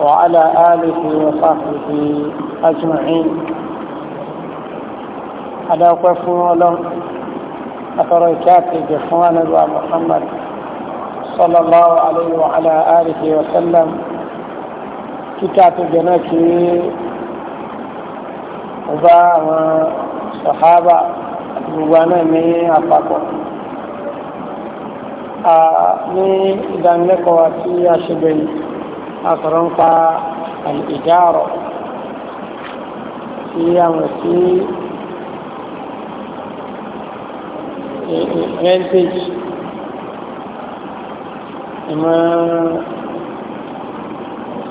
وعلى آله وصحبه أجمعين على قفوا لهم أتركاتي بإخوان محمد صلى الله عليه وعلى آله وسلم كتاب جناكي وباء صحابة وبانا من أفاقهم ní ìdánilẹ́kọ̀ọ́ àti àṣegbẹ̀yìn àsọ̀rọ̀ ń pa ìjárọ̀ tí àwọn sí rentage ìmọ̀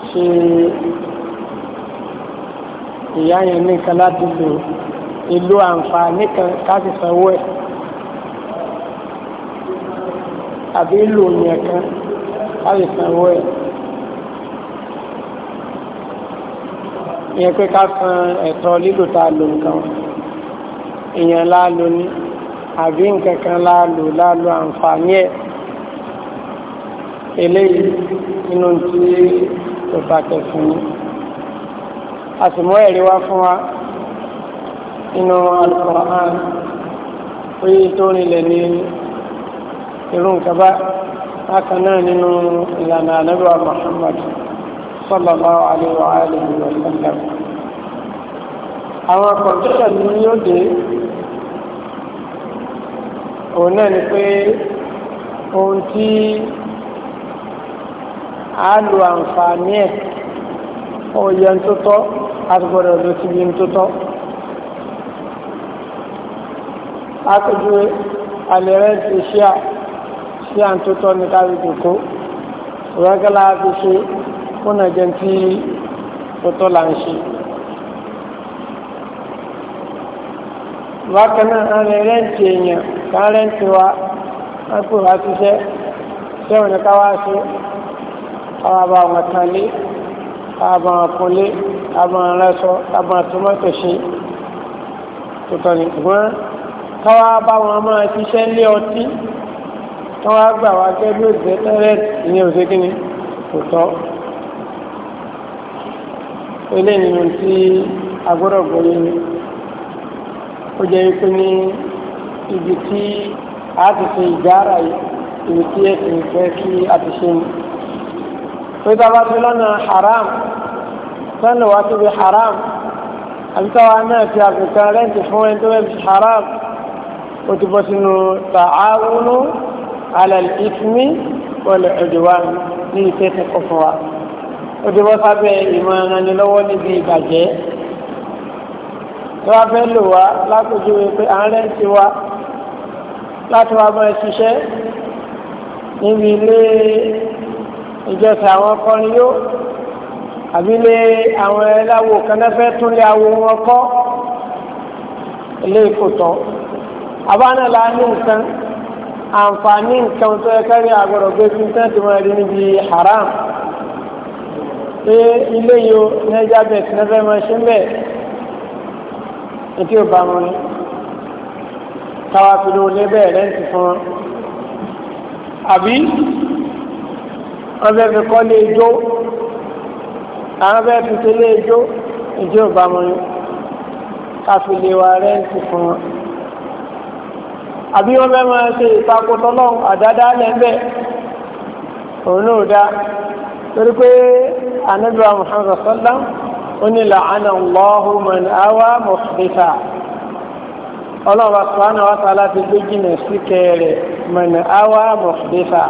ṣe ìyá yẹn nìkan láti lò ìlú àǹfààní kan káàkiri sanwó ẹ̀ àbí lò ní ẹ̀kan a lè san owó ẹ̀ ìyẹn pé ká san ẹ̀tọ́ lílò tá a lò nǹkan ìyẹn láàlò ní àbí nǹkan kan láàlò láàlò àǹfààní ẹ̀ eléyìí inú tí kò bá tẹ̀sùn ní a sì mú ẹ̀rí wá fún wa nínú Al-Qur'an oye tó rinlẹ̀ ní irú nǹkan bá bákan náà nínú ìlànà ànábìwá Muhammad sallallahu alaihi wa alihi wa sallam àwọn kọ̀ǹtẹ́tà ní yóò dé òun náà ni pé ohun tí a lo àǹfààní ẹ̀ òye ń tó tọ́ àti gbọ́dọ̀ ló ti bí ń tó tọ́ akójú alẹ́rẹ́ ti ṣíà tí à ń tó tọ́ ní káwé jòkó ìwágálá fi ṣe kúnà jẹ́ tí ó tọ́ là ń ṣe. bákan náà a lè rẹ́ǹtì èèyàn ká rẹ́ǹtì wa á pè wá ṣiṣẹ́ sẹ́wọ̀n ní káwá ṣe káwá bá wọn tán lé káwá wọn kún lé káwá bá wọn rẹ́sọ káwá bá wọn tómọ́tò ṣe tó tọ́ ní ṣùgbọ́n káwá bá wọn máa ṣiṣẹ́ lé ọtí wọ́n wá gbà wá gẹ́gẹ́ bí òṣìṣẹ́ tẹ́lẹ̀ ìyẹn òṣìṣẹ́ kínní kò tọ́ ilé nínú tí agbọ́dọ̀ gbọ́yé ni ó jẹ́ wípé ní ibi tí a ti ṣe ìjára ibi tí ẹ̀sìn fẹ́ kí a ti ṣe ni pé tá a bá ti lọ́nà haram sọ́nà wá síbi haram àbí táwa náà ti àfikún rẹ́ǹtì fún ẹni tó bẹ́ẹ̀ fi haram ó ti bọ́ sínú tààwùnú alal ismi wal udwan ní iṣẹ́ tẹ́kọ̀ fún wa ó ni wọ́n sábẹ́ ìmọ̀ ìrànlọ́wọ́ níbi ìbàjẹ́ tó wá fẹ́ lò wá lápòjúwe pé àárẹ̀ ti wá láti wá máa ṣiṣẹ́ níbi ilé ìjọsìn àwọn kọrin yó àbílé àwọn ẹláwò kanáfẹ́ tún lé awo wọn kọ́ ilé ìkòtọ́ àbánà la ní nǹkan àǹfààní nǹkan tó yẹ kárí àgbọ̀rọ̀ gbé sí tẹ́ǹtì wọn rí níbi haram pé ilé yo nẹ́jà bẹ̀t nẹ́fẹ́ máa ṣe ń bẹ̀ ètí ò bá wọn ni táwa fi ló lé bẹ́ẹ̀ rẹ́ǹtì fún wọn àbí wọn fẹ́ fi kọ́ lé ijó àwọn fẹ́ fi ṣe lé ijó ètí ò bá wọn ni ká fi lè wa rẹ́ǹtì fún wọn àbí wọ́n fẹ́ máa ṣe ìtakò tọ́lọ́run àdáadáa lẹ́ńbẹ́ òun náà dá torí pé anábìá muhammad sallam ó ní làánà lọ́hùn mọ̀n áwá mọ̀sídẹ́ta ọlọ́run àtúwánà wá sálá ti gbé jìnà sí kẹrẹ mọ̀n áwá mọ̀sídẹ́ta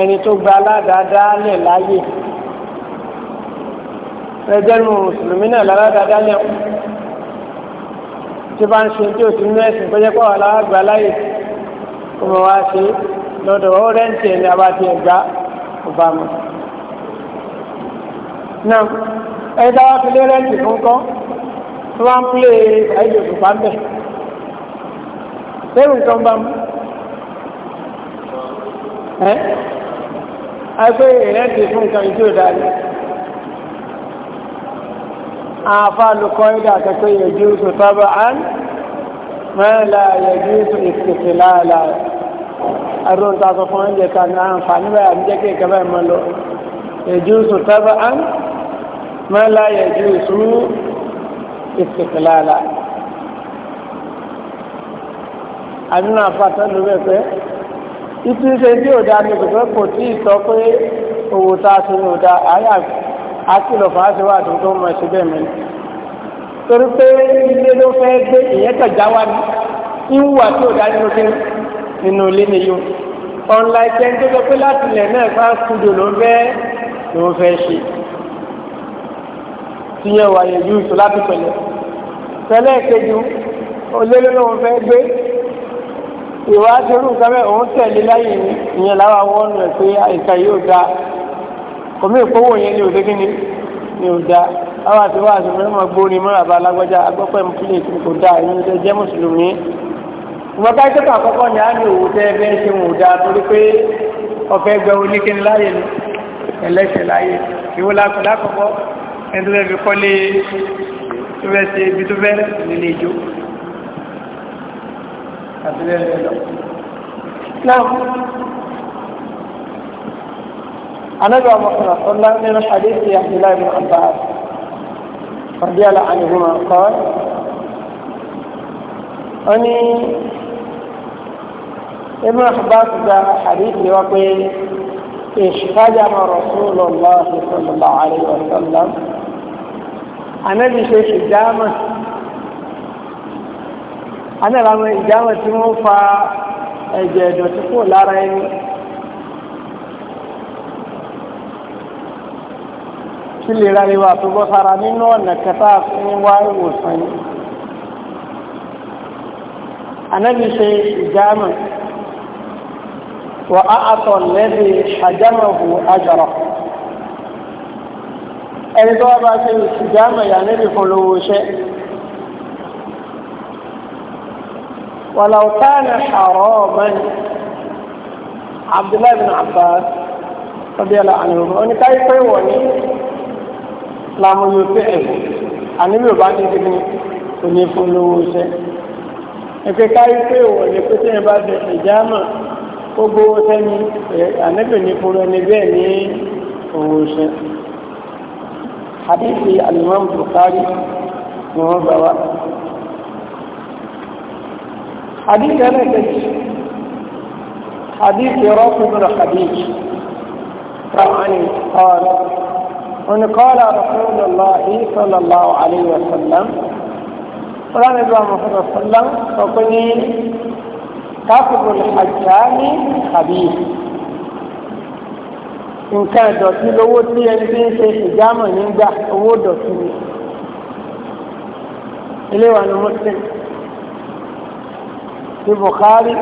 ẹni tó gba aládàádáa lẹ̀ láyè ẹjẹ́ nu mùsùlùmí náà láládàádáa lẹ̀ tí bá ń ṣe tí ò sí inú ẹ̀sìn tó jẹ́ pọ̀ aláàgbà láyè kó mọ̀ wá ṣe lọ́dọ̀ ó rẹ́ǹtì ẹni abáti ẹ̀gbá ọ̀bàmù. náà ẹni táwa fi lé rẹ́ǹtì fún kọ́ tó bá ń pílé àìjò òṣùpá ń bẹ̀. lẹ́rù nǹkan bá mu. ẹ́ àìpé rẹ́ǹtì fún nǹkan ìjọ ìdáyé àfáà lukọ́ ìdá àtẹ́kọ́ yẹjú tó sábà án mẹ́rìnlá yẹjú tó ìsìnkì láàlá ẹ̀rọ ń tasọ fún oúnjẹ ta ní àǹfààní báyà ń jẹ́ kí ìkẹ́bẹ̀ mọ́ lọ yẹjú tó sábà án mẹ́rìnlá yẹjú tó ìsìnkì láàlá ìtúnṣe tí ò dá ní akílọ̀ fàáṣíwá àtúntò mọ̀ sí bẹ́ẹ̀ mẹ́rin torí pé ilé ló fẹ́ gbé ìyẹn tọ̀já wá ní ìwà tí ò dá nínú kí nínú ilé nìyó unlike ẹni tó sọ pé láti ilẹ̀ náà fà studio ló fẹ́ ló fẹ́ ṣe tíyẹn wáyé yóò tó láti pẹ̀lẹ́ pẹ̀lẹ́ kejì olóyún ló fẹ́ gbé ìwà àti irú nǹkan òun tẹ̀lé láyé ìyẹn láwa wọ́n nù pé àìsàn yóò dáa kòmí ìkówó yẹn ni òde kíni ni ò da àwọn àti wá àti mẹ́rin máa gbóni mọ́ra bá alágbájá agbọ́pẹ́ mi kílè tí kò da èmi ló jẹ́ mùsùlùmí. ìwọ ká ìjọba àkọ́kọ́ ni a ní òwò tẹ́ bẹ́ẹ̀ ṣe wò da torí pé ọ̀fẹ́ gbẹ oníkíni láyè ni ẹlẹ́sẹ̀ láyè ìwọ lákọ̀ọ́kọ́ ẹni tó fẹ́ fi kọ́lé tó fẹ́ ṣe ibi tó fẹ́ nílé ìjó àti bẹ́ẹ̀ anabi wa muhammad sallallahu alaihi wasallam hadithi ya abdullah ibn abbas radiyallahu anhuma qala ani ibn abbas da hadithi wa pe اشتجم رسول الله صلى الله عليه وسلم anabi ṣe ṣìjáàmà anabi àwọn ìjáàmà tí wọ́n fa ẹ̀jẹ̀ ìdọ̀tí kò كلي رالي واتو بخارا منو أن كتاب نواي وصاني أنا بشيء جامع وأعطى الذي حجمه أجره أي دو أبا شيء جامع يعني بفلو شيء ولو كان حراما عبد الله بن عباس رضي الله عنه وني كيف يوني lámú yóò fẹ́ ẹ̀ àníbí ò bá ní kí ni kò ní fún lówó iṣẹ́ ẹ̀pẹ́ káyí pé òwò ní pé tí ẹ bá ṣe ìjáàmà ó gbówó sẹ́ni àníbì ní fún ẹni bẹ́ẹ̀ ní òwò iṣẹ́ àdéhìí alimam Bukhari ni wọ́n gbà wá àdéhìí ẹlẹ́kẹ̀jì àdéhìí rọ́ọ̀kùnrin àdéhìí rọ́ọ̀kùnrin òní kọ́lá Rasulullahi sallallahu alayhi wa sallam fúlàní bí wọn fún sallam sọ pé ní káfíńkù àjáni àbí nǹkan ìdọ̀tí lówó tí ẹni tí ń ṣe ìjámọ̀ nígbà owó ìdọ̀tí ni ilé wa ni muslim ti Bukhari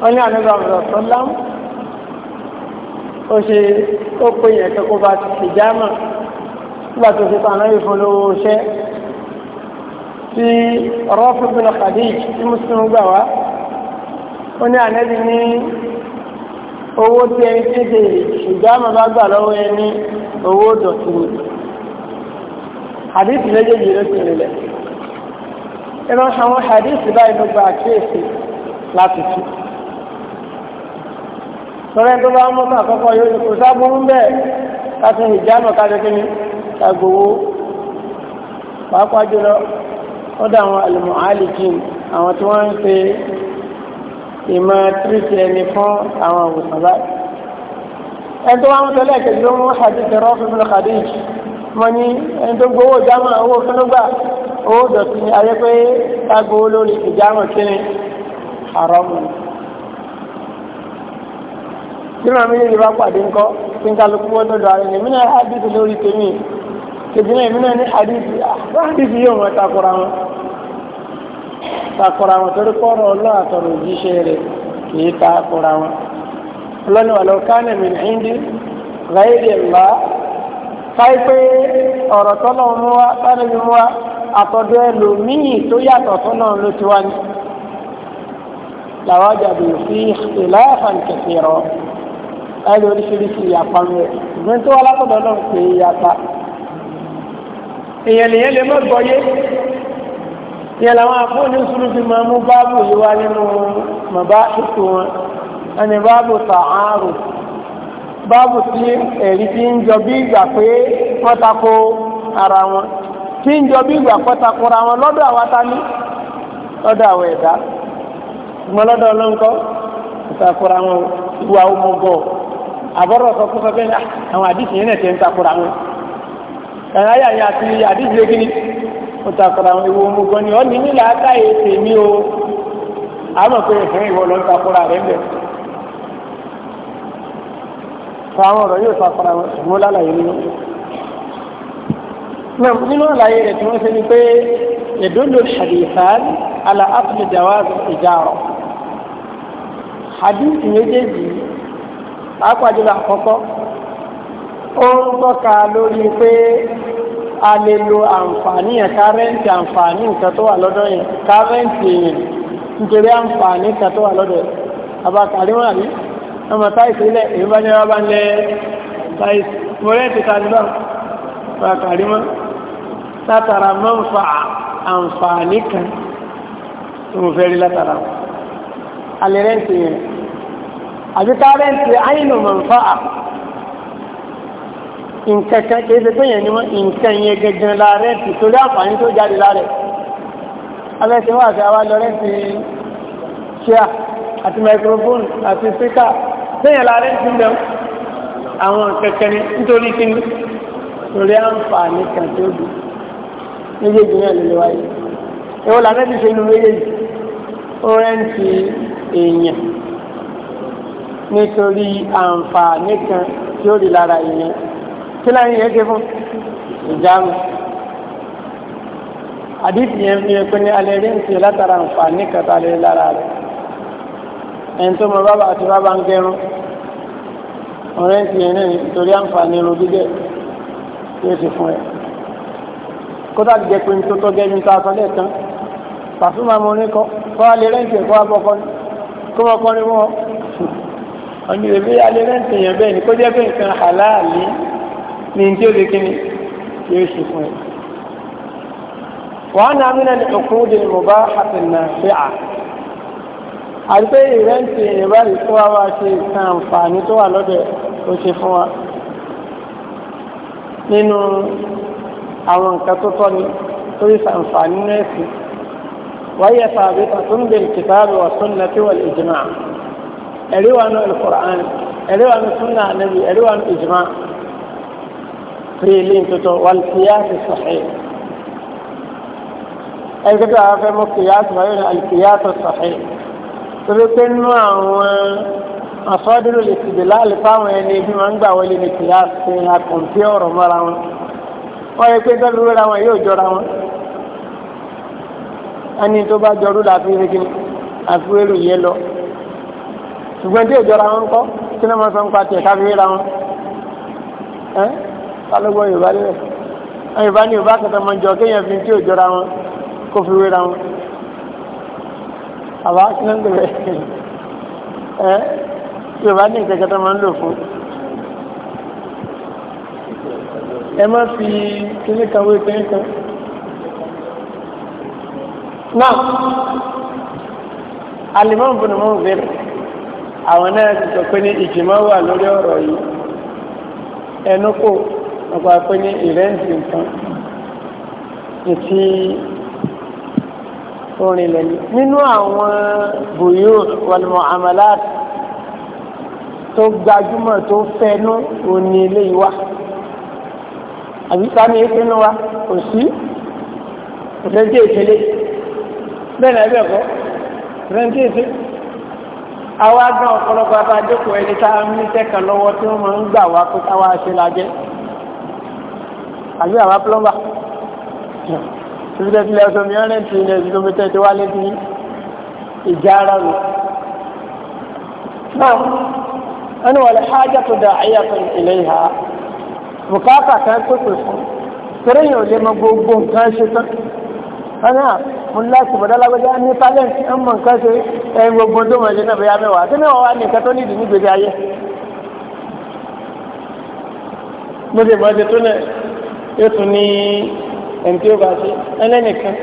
wọn ní àníbàmọ̀ sọ́lá ó ṣe ó pé yẹn kẹ́kọ̀ọ́ bá ti ṣe jámà nígbà tó ṣe tàn náà ìfún lówó iṣẹ́ tí rọ́ọ̀fù bin khadij tí muslim gbà wá ó ní ànẹ́bí ní owó tí ẹni tí ṣe ìjámà bá gbà lọ́wọ́ ẹni owó dọ̀tí ni hadith méjèèjì ló ti rìnlẹ̀ ẹnu àwọn hadith báyìí ló àkíyèsí láti tún sọ̀rọ̀ tó bá mú àkọ́kọ́ yóò ní kò sábúrú ń bẹ́ẹ̀ káṣí ìjánu káṣí kí ni ṣàgbówó pàápàá jùlọ ó dà àwọn àlùmọ̀ àlìkìn àwọn tí wọ́n ń ṣe ìmọ̀ tírísì ẹni fún àwọn àwòsàn báyìí. ẹni tó wá mú tẹ́lẹ̀ kejì ló mú hadith rọ́ọ̀fù fún Khadij mo ní ẹni tó gbowó ìjámọ̀ owó fúnúgbà owó dọ̀tí ayé pé ṣàgbówó lórí ìjámọ̀ kí tí màmí yìí bá pàdé ńkọ́ tí n kálukú wọ́n dọ̀dọ̀ ara ẹni mìíràn hadith lórí tèmi kejì náà mìíràn ní hadith bá hadith yóò wọn takora wọn takora wọn torí kọ́rọ̀ ọlọ́ àtọ̀rọ̀ òjíṣẹ́ rẹ̀ kìí takora wọn. ọlọ́ni wà lọ́ọ́ kánà min indi ghayri Allah káyí pé ọ̀rọ̀ tọ́lọ̀ mú wa tánà mi mú wa àtọ̀dọ̀ ẹlòmíì tó yàtọ̀ tọ́lọ̀ ló ti wá ní. làwọn àjàdù fi ìlà ẹni oríṣiríṣi ìyapa ń rẹ̀ ṣùgbọ́n tó wá látọ̀dọ̀ náà ń pè é ìyapa. èèyàn nìyẹn lè má gbọ́ yé ìyẹn làwọn afọ́ni sùúrù fi máa mú báàbù yìí wá nínú màbá ètò wọn ẹni báàbù tààrù báàbù tí ẹ̀rí ti ń jọ bí ìgbà pé wọ́n tako ara wọn tí ń jọ bí ìgbà pé wọ́n tako ara wọn lọ́dọ̀ àwa ta ní lọ́dọ̀ àwọn ẹ̀dá ṣùgbọ́n lọ́dọ̀ ọlọ́nkọ́ ìtakora wọn ìwà ọmọ bọ̀ àbọ̀rọ̀ sọ fún fẹ́fẹ́ àwọn àdìsí yẹn nẹ̀tẹ̀ ń takura wọn ẹ̀rọ ayé àyà àti àdìsí lé kíní ó takura wọn ìwọ omugbọ ni ọ ní nílà ata yìí tèmi o àmọ̀ pé ìfẹ́ ìwọ ló ń takura rẹ̀ ń bẹ̀ fún àwọn ọ̀rọ̀ yóò takura wọn ṣùgbọ́n pàápàá jùlọ àkọ́kọ́ ó ń tọ́ka lórí pé a lè lo àǹfààní yẹn kárẹ́ǹtì àǹfààní nǹkan tó wà lọ́dọ̀ yẹn kárẹ́ǹtì èèyàn nítorí àǹfààní nǹkan tó wà lọ́dọ̀ yẹn àbákàrí wọn àbí ọmọ táìsì ilẹ̀ èyí bá jẹ́ bá lẹ táìsì mo rẹ́ǹtì tàbílọ́n àbákàrí wọn látara mọ́ǹfà àǹfààní kan tó mo fẹ́ rí látara alẹ́ yẹn àbí kárẹ́ǹtì àyìnà mọ̀nfàá nǹkan kan kì í ṣe péyàn ni wọ́n nǹkan yẹn gẹ́gẹ́ la rẹ́ǹtì torí àǹfààní tó jáde lárẹ̀ abẹ́sẹ̀ wà sí àwa lọ rẹ́ǹtì ṣíà àti microphone àti speaker péyàn la rẹ́ǹtì ń bẹ̀rù àwọn kẹ̀kẹ́ ni nítorí kí ni torí àǹfààní kan tó dù méjèèjì náà lè wáyé ìwọ́n làbẹ́bí ṣe inú méjèèjì ó rẹ́ǹtì èèyàn nítorí àǹfààní kan tí ó rí lára ìyẹn kí láyé yẹn ké fún ìjánu àdìsí yẹn fi hàn pé ní alẹ́ rí ń tiẹ̀ látara àǹfààní kan tá a lè lára rẹ̀ ẹni tó mọ bàbá àti bàbá ń gẹrun ọ̀rẹ́ ń tiẹ̀ náà nítorí àǹfààní irun gígẹ̀ tí ó ti fún ẹ kódà jẹ́ pé ní tó tọ́ gẹ́ mi lẹ́ẹ̀kan pàṣẹ máa mọ oníkọ́ kọ́ alẹ́ rẹ́ǹtì ẹ̀kọ́ abọ́kọ́ ni kó wọ́n kọ́ ni wọ́n ọ̀nà ìrèbí alẹ́ rẹ́ǹtì yẹn bẹ́ẹ̀ ni kó jẹ́ pé nǹkan àláàlì ní tí ó lè kí ni kí ó ṣe fún ẹ. wàá nà mí lẹ́nu òkúndé mọ̀bá àtìnà fíà àti pé ìrẹ́ǹtì yẹn báyìí fún wa ṣe nǹkan àǹfààní tó wà lọ́dẹ̀ ó ṣe fún wa nínú àwọn nǹkan tó tọ́ ni torí sàǹfààní nẹ́ẹ̀sì wáyé sàbí tàtúndé kìtàbí wà sunnati ẹ̀rí wa nù alukur'an ẹ̀rí wa nù sunna anabi ẹ̀rí wa nù ijma fi ilé tuntun wàlú kìyàsì sahih ẹgbẹ́ tó àwọn afẹ́mọ́ kìyàsì wáyé ní alkìyàsì sahih torí pé nínú àwọn asọ́dúró lè ti dèlá àlùfáwọn ẹni bí wọ́n ń gbà wọlé ní kìyàsì fi hàn ọ̀rọ̀ mọ́ra wọn wọ́n yẹ pé dọ́dúró ra wọn yóò jọra wọn ẹni tó bá jọrú làfi ṣùgbọ́n tí ìjọra wọn kọ́ kí ní wọ́n sọ ń pa tiẹ̀ ká fi ríra wọn ẹ́ kálógbó yorùbá lélẹ̀ yorùbá ní yorùbá kẹta máa ń jọ kéèyàn fi tí ìjọra wọn kó fi ríra wọn àbá kí ní ń gbèrè ẹ́ yorùbá ní ìkẹ́kẹ́ta máa ń lò fún ẹ má fi kíní kan kíní kan náà alimọ́n bùnú mọ́ bẹ̀rẹ̀ àwọn náà ti sọ pé ní ìjìmọ̀ wà lórí ọ̀rọ̀ yìí ẹnu kò nípa pé ní ìrẹ́ǹtì nǹkan ìtì orin lẹ́nu nínú àwọn bùyó wàlùmọ̀ àmàlàt tó gbajúmọ̀ tó fẹnu òní ilé ìwà àbíká ní ìpinnu wa kò sí òṣèlú ìpele bẹ́ẹ̀ náà bẹ́ẹ̀ kọ́ rẹ́ńtì ìpele àwa gan ọ̀pọ̀lọpọ̀ abájókòó ẹni tá a ní sẹ́kàn lọ́wọ́ tí wọ́n máa ń gbà wá kó táwa ṣe lájẹ́ àbí àwa plọ́mbà ìfúdẹ́ tilẹ̀ ọ̀sán mi ọ̀rẹ́ ti ilẹ̀ ìdókòtò ti wá létí ìjà ara rò. náà wọ́n ní hájà tó dá àyà fún ilé ìhà bùkátà kan tó pè fún torí yóò lè mọ gbogbo nǹkan ṣe tán mo láti bọ̀dá lágbẹ́já ní tálẹ́ǹtì ń mọ̀ nǹkan ṣe ẹ̀yin gbogbo tó mọ̀ ẹ̀jẹ̀ náà bẹ́yà mẹ́wàá tí mẹ́wàá wà ní nǹkan tó nídìí nígbèdé ayé. mo lè bọ́dé tó náà yóò tún ní ẹni tí ó bá ṣe ẹlẹ́nìkan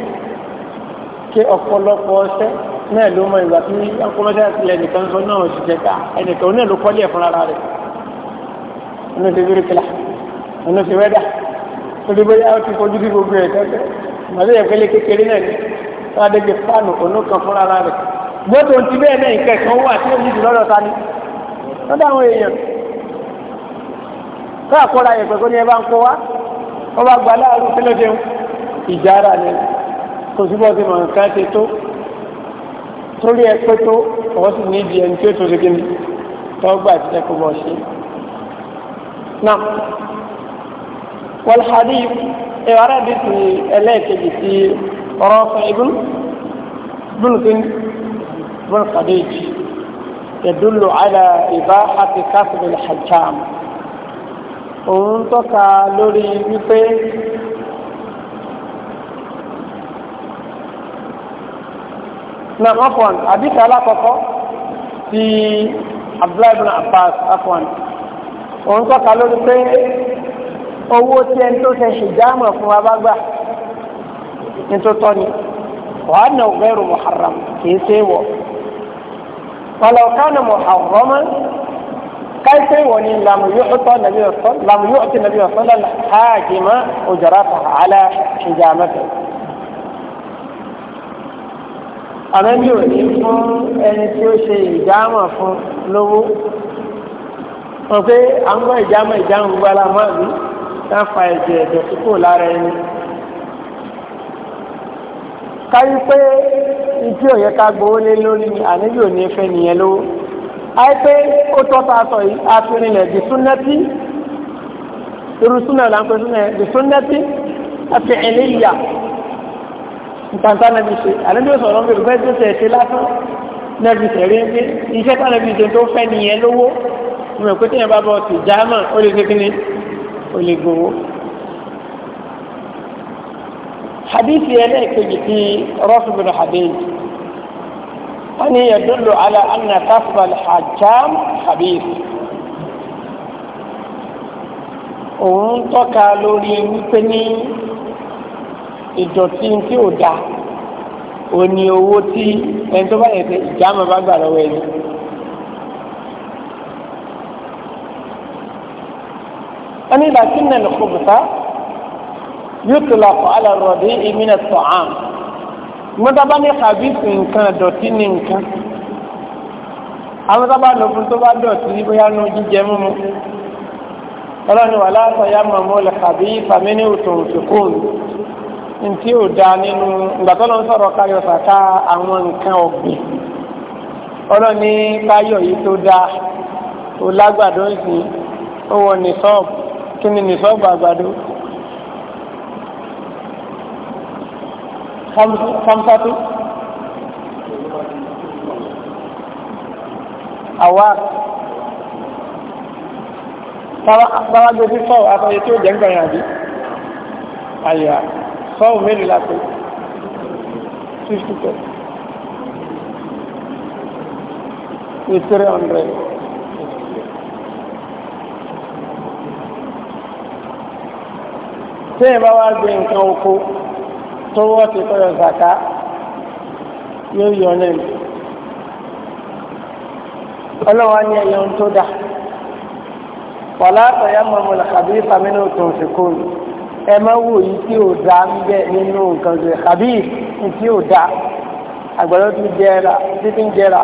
kí ọ̀pọ̀lọpọ̀ ọṣẹ́ náà ló mọ ìgbà tí ọkọlọ́ṣẹ́ àti ẹnìkan sọ náà ṣiṣẹ́ ká ẹnìkan náà kọ́lé ẹ̀fọn ara rẹ̀ ọ̀nà ti bíríkìlà ọ̀nà ti wẹ́dà ó dé bóyá ó ti fojú sí gbogbo ẹ̀ kẹ́kẹ́ màdé ẹ̀kẹ́lẹ́ kékeré náà ni adégbè fáànù ònú kan fúnra rẹ̀ gbọ́dọ̀ ohun ti bẹ́ẹ̀ náà nǹkan ẹ̀kan wà tí èyí lọ́dọ̀ ta ni lọ́dọ̀ àwọn èèyàn tó àkọ́ra yẹ̀ pẹ̀kọ́ ẹ bá ń kó wa wọ́n bá gba láàrú kí ló ìjà ara ni kò síbọ̀ sí màá nǹkan ṣe tó torí ẹ pé tó wọ́n sì ní ibi ẹni tí ó tó ṣe kíni tó gbà tí ẹ kó bọ̀ ṣe. náà wal hadith ẹ̀rọ àdìsí ẹlẹ́ẹ̀kejì ti ọ̀rọ̀ fún ibùn bùnùkín bùnùkàdéjì yadullu ala ibahati kasbil hajjam òun tọ́ka lórí wípé na afwan àdìsí alákọ̀ọ́kọ́ ti abdullahi bin abbas afwan òun tọ́ka lórí pé owó tí ẹni tó ṣe ṣèjáàmọ̀ fún wa bá gbà ní tó tọ́ ni wàá nà ghayru muharram kìí ṣe wọ̀ walau kana muharraman káìsẹ́ wọ̀ ni lam yu'ta nàbí ọ̀sán lam yu'ti nàbí ọ̀sán lọ́la hajima ujrata ala hijamati. àmọ́ mi ò ní fún ẹni tí ó ṣe ìjáàmọ̀ fún lówó wọ́n pé àwọn ìjáàmọ̀ ìjáàmọ̀ gbala máa mi ká fa ẹ̀jẹ̀ ẹ̀jẹ̀ tí kò lára ẹni. káyí pé ibi òye ká gbowó lé lórí àníbi òní fẹ́ nìyẹn lówó. àyí pé ó tọ́ta aṣọ yìí àfihàn ẹ̀ di súnẹ́tì irú súnà là ń pè súnà ẹ̀ di súnẹ́tì àti ẹ̀lẹ́yà ntanta nàbí ṣe àníbi ó sọ̀rọ̀ bẹ́ẹ̀ bẹ́ẹ̀ tó ṣe ṣe lásán nàbí ṣẹ̀rí ń pé iṣẹ́ tánàbí ṣe tó fẹ́ nìyẹn lówó. mo rò bá bọ̀ sí jáàmà ó lè ṣe kí ni ó lè gbowó. حديث يليك في رفض بن حبيب أن يدل على أن كف الحكام حبيب òun tọ́ka lórí wípé ní ìdọ̀tí tí ò dáa òní owó tí ẹni tó bá yẹ kí ìjàmọ̀ bá gbà lọ́wọ́ ẹni wọ́n ní lakin al-khubuta yutlaq ala ar-radi'i min at-ta'am mọ́tàbá ní kàbíìsì nǹkan dọ̀tí ní nǹkan àwọn sábà lọ fún tó bá dọ̀tí bóyá ní jíjẹ mímu ọlọ́ni wà láàtọ̀ ya mọ̀mọ́ lè kàbí fàmínì òtún òtún ntí ò da nínú ìgbàtọ́ ló ń sọ̀rọ̀ káyọ̀ sàká àwọn nǹkan ọ̀gbìn ọlọ́ni káyọ̀ yìí tó da ò lágbàdo ń sìn ó wọ ní sọ́ọ̀bù kí ni nìfẹ́ gbàgbàdo fọ́nfọ́tò àwa báwájú fífọ́ àtọ́yẹ tí ó jẹ́ nǹkan yàbí àyà fọ́ọ̀ mélòó láti 50 pẹ̀lú 300 tẹ́yìn bá wá gbé nǹkan oko tó wọ́n ti kọ́yọ̀ zaka yóò yọ lẹ́nu ọlọ́wọ́ ní ẹ̀yọ́ tó dà wàlá àtọ̀yà mọ̀mọ́ làkàbí fàmínú tó ń fi kóòlù ẹ má wò yí tí ò dá ń bẹ nínú nǹkan tó kàbí tí ò dá àgbàdo tó jẹra tí ti ń jẹra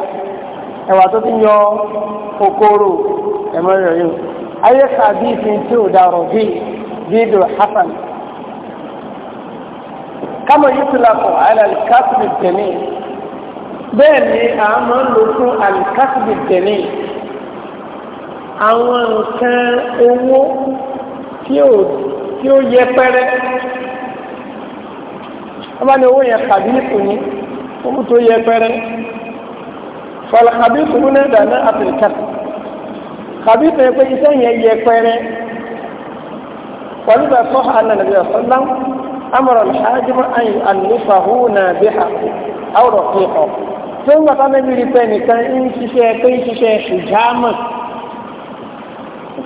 ẹwà tó ti yọ kòkòrò ẹ má yọ yìí ayé kàbí tí ò dá rọ̀ bíi. فيديو حسن كما يطلق على الكسب الجميل بني أعمل الكسب الجميل àwọn nǹkan owó tí ó yẹ pẹ́rẹ́ wọ́n bá ní owó yẹn kàbíìkù ní owó tó yẹ pẹ́rẹ́ fọlá kàbíìkù ní ẹ̀dá náà àfìríkà kàbíìkù yẹn pé iṣẹ́ yẹn yẹ pẹ́rẹ́ ولذا صح أن النبي صلى الله عليه وسلم أمر الحاجب أن يؤلفه نابحه أو رقيقه ثم قام بريتاني كان إن شيء كي شيء شجامة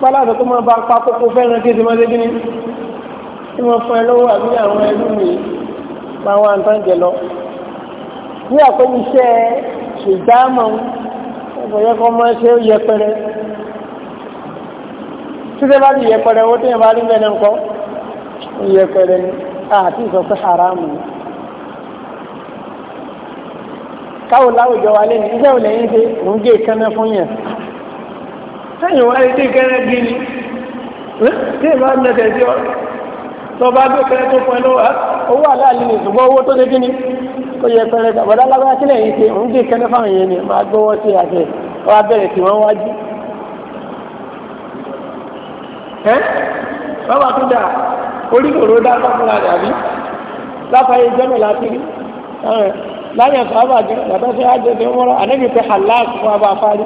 fọlá àti kọ́mọ bá pa kókó fẹ́ràn kí ìdìmọ́ débi ni tí wọ́n fún ẹ lọ́wọ́ àbí àwọn ẹlú mi máa wá nǹkan jẹ lọ. ní àkókò iṣẹ́ ṣèjámọ̀ ẹ̀fọ́ yẹ kọ́ mọ́ ṣe ó yẹpẹrẹ síbẹ̀ bá ti yẹpẹrẹ owó tó yẹn bá rí bẹ́ẹ̀ ńkọ́ yẹpẹrẹ ni àti ìsọ pé haramu ni. káwọn láwùjọ wa lẹ́nu iṣẹ́ ò lẹ́yìn ṣe òun gé ìkànnà fún yẹn. sẹ́yìn wá lè dé ìkànnà bí ni tí ìbá ń nẹ̀tẹ̀ sí ọ tó bá gbé kẹrẹ tó pẹ̀lú owó aláàlú ni ṣùgbọ́n owó tó dé kí ni ó yẹ pẹrẹ gbàgbọ́dá lágbára sílẹ̀ yìí ṣe òun gé ìkànnà fáwọn yẹn ni máa gbówó sí àṣẹ wá bẹ̀rẹ̀ sí wọn wájú ẹ́ bàbá tó dà oríkòrò dá fọ́nmúlà rẹ̀ àbí láfàáyé jẹ́mọ̀ láti rí láyé sábà jẹ́ bàbá fẹ́ ájẹ́ tó mọ́ra ànẹ́bí pé halal fún abá fárí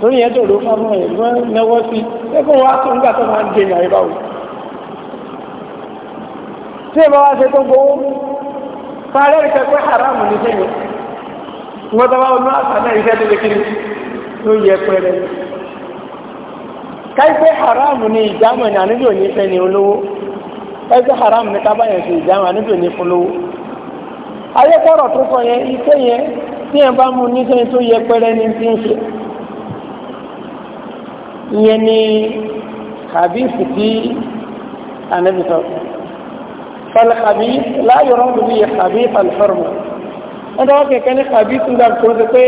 lórí yẹn tó ló fámọ́ ẹ̀ wọ́n náwó sí ẹkùn wá tó ń gbà tó máa ń dènà ìbá wò tí ìbá wá ṣe tó gbowó fárẹ́ rí pé haramu ní sẹ́yìn wọ́n bá wọn ní àṣà náà tó lè kiri ló yẹ pẹ́rẹ́ káyipẹ́ haramu ni ìjámọ̀ ni àníbi òní fẹ́ ni olówó káyipẹ́ haramu ni kábàyàn sí ìjámọ̀ àníbi òní fún lówó. ayékọ́rọ̀ tó sọ yẹn iṣẹ́ yẹn tí yẹn bá mú níṣẹ́ tó yẹ pẹ́rẹ́ ní ti ń ṣe. ìyẹn ni kàbíìsì tí àníbi sọ. falkabi láyọ̀rọ̀ mi bí kàbí falfọ́rọ̀mù. wọ́n dáwọ́ kẹ̀kẹ́ ní kàbíìsì ń dàgbò tó ṣe pé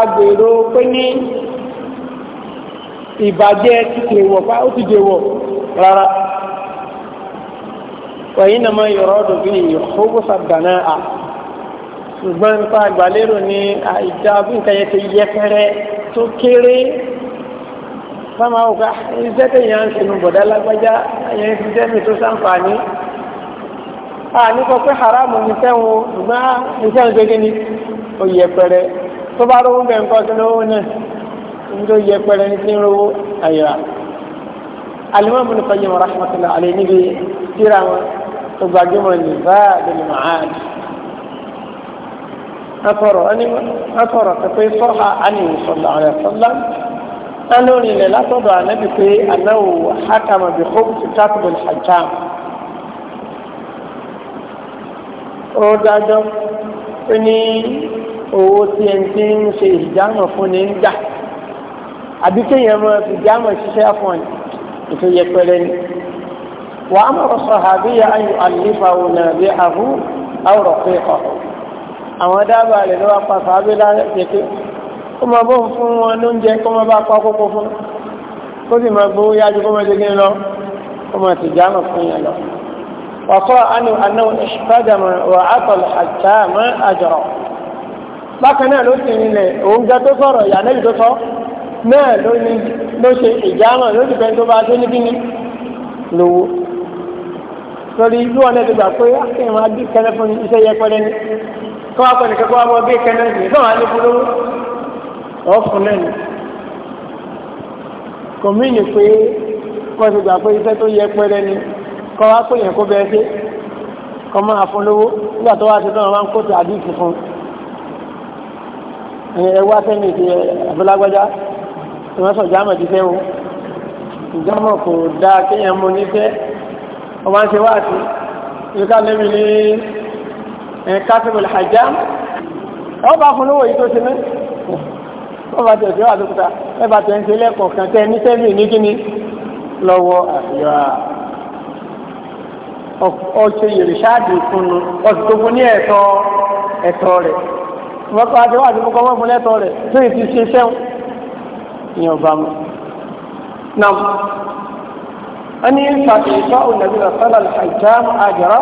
agbèrò pé ní ìbàjẹ́ títè wọ̀ pa ó ti dè wọ̀ rárá. wẹ̀yìn náà máa yọ̀rọ̀ ọdún bí ìhóbó sàgbàná à ṣùgbọ́n nípa àgbàlérò ní àìdá bí nǹkan yẹn ti yẹpẹrẹ tó kéré sáma òkà iṣẹ́ tẹ̀yàn ń sinú bọ̀dá lágbájá yẹn ti dẹ́mi tó sàǹfààní a sọ pé haramu ní sẹ́wọ̀n ṣùgbọ́n iṣẹ́ ń gbégé ni ó yẹpẹrẹ tó bá rówó bẹ̀ ń kọ́ sínú owó náà njó yẹ pẹrẹ ní sí rówó àyà alimami ní fayé wọn rahmatulah alẹ níbi tíra wọn tó gbajúmọ̀ ní báà bẹni màáàd akọrọ ẹni akọrọ pẹpẹ sọha ani sọlá ọlẹ sọlá alórí ilẹ̀ látọ̀dọ̀ ànábì pé anáwó hákàmà bí kó kátàbọ̀ hajjá ó dájọ́ ó ní owó tí ẹni tí ń ṣe ìdáhùn fún ní ń gbà àbí kéèyàn mọ ìjáàmọ̀ ṣiṣẹ́ fún ẹ̀ ètò yẹpẹrẹ ni. wà á mọ̀rọ̀ sọ àbíyá ayò àlífà òun náà bí àhú àwòrán pé ọ̀ àwọn dábàá rẹ̀ lọ́wọ́ pa sàábé lára ẹ̀ pé kó máa bó ń fún wọn lóúnjẹ kó máa bá pa kókó fún kó sì máa gbowó yájú kó máa ṣe kí n lọ kó máa tìjáàmọ̀ fún yẹn lọ. وقرأ أنه, أنه احتدم وعطل حتى ما أجرى لكن أنا قلت إن أونجا تصر يعني تصر náà ló ní ló ṣe ìjámọ̀ ló sì fẹ́ tó bá tó ní kíni lówó lórí ìlú ọ̀nà ti gbà pé akéwìn ah, máa bí kẹlẹ́ fún iṣẹ́ yẹpẹrẹ ni kọ́ wá pẹ̀lú kẹ́kọ́ wá mọ bí kẹlẹ́ sí kọ́ wá ní polówó ọ̀fun náà ni kò mí ní pé wọ́n ti gbà pé iṣẹ́ tó yẹpẹrẹ ni kọ́ wá pé yẹn kó bẹ́ẹ̀ dé kọ́ máa fún lówó nígbà tó wá ti tọ́ máa ń kó ti àdìsí fún ẹ wá sẹ́ni ti abúlágbájá wọ́n sọ jámọ̀ ti fẹ́ o ìjámọ̀ kò dáa kéèyàn mú ní fẹ́ ọba ń ṣe wá àti ìrúkà lẹ́mi ní kásìmù ìhàjá ọba fún lówó yìí tó ṣe mẹ́ ọba tẹ̀ sí wà lókùtà ẹba tẹ̀ ń ṣe lẹ́kọ̀ọ́ kan tẹ́ ní sẹ́mi ní kíni lọ́wọ́ àfihàn ọ̀ṣẹ́ yèrìṣáàdì ìfúnnu ọ̀sùn tó fún ní ẹ̀tọ́ ẹ̀tọ́ rẹ̀ wọ́n kọ́ ìyẹn ọba mu. nam a ní fàtí ìfọ́ ònàbí rasalal hajjam àjọrọ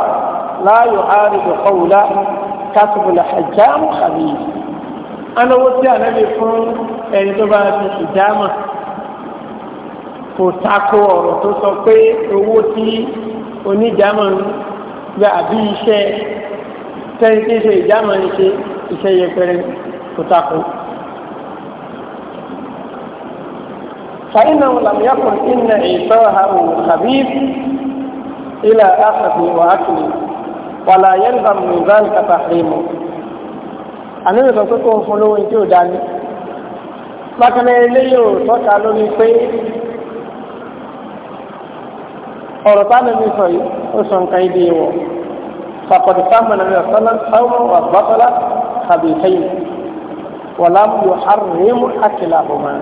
láàyò àrídò kọ́wùlá kásìbùlà hajjam kàbí. anáwó tí ànábì fún ẹni tó bá ti hijama kò tako ọ̀rọ̀ tó sọ pé owó tí oníjàmà ń gba àbí iṣẹ́ tẹ́ni tí ń ṣe iṣẹ́ yẹpẹrẹ kò tako. فإنه لم يقل إن إيتاءه خبيث إلى أخذه وأكله ولا يلزم من ذلك تحريمه àníbi sọ pé kó ń fún lówó tí ò dání bákan ilé yóò tọ́ka lórí pé ọ̀rọ̀ táwọn ẹni sọ yìí ó sọ nǹkan ibi ìwọ̀ fàkọ̀dé sáwọn ẹni ọ̀sánà sáwọn wà bọ́tọ́lá tàbí ìfẹ́yìn wọ̀lá yóò hàrùn rímù àkìlà àbùmá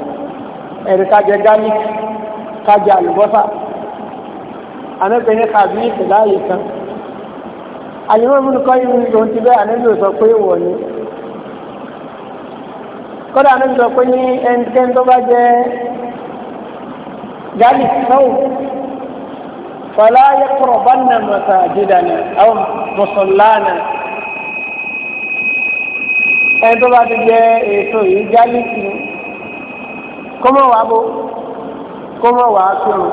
ẹ̀rí kájẹ garlic kájẹ àlùbọ́sà anẹ́bẹ̀ẹ́ kàbí ìtìláyè kan àyẹ̀wò múnú kọ́ yìí ní ohun ti bẹ́ anẹ́bẹ̀ẹ́ sọ pé wọ̀ ni kọ́dà anẹ́bẹ̀ẹ́ sọ pé ní ẹnikẹ́ni tó bá jẹ garlic náà فلا يقربن مساجدنا أو مصلانا ẹni tó bá ti jẹ èso yìí jálìkì kọ́mọ̀ wà bó kọ́mọ̀ wà kírun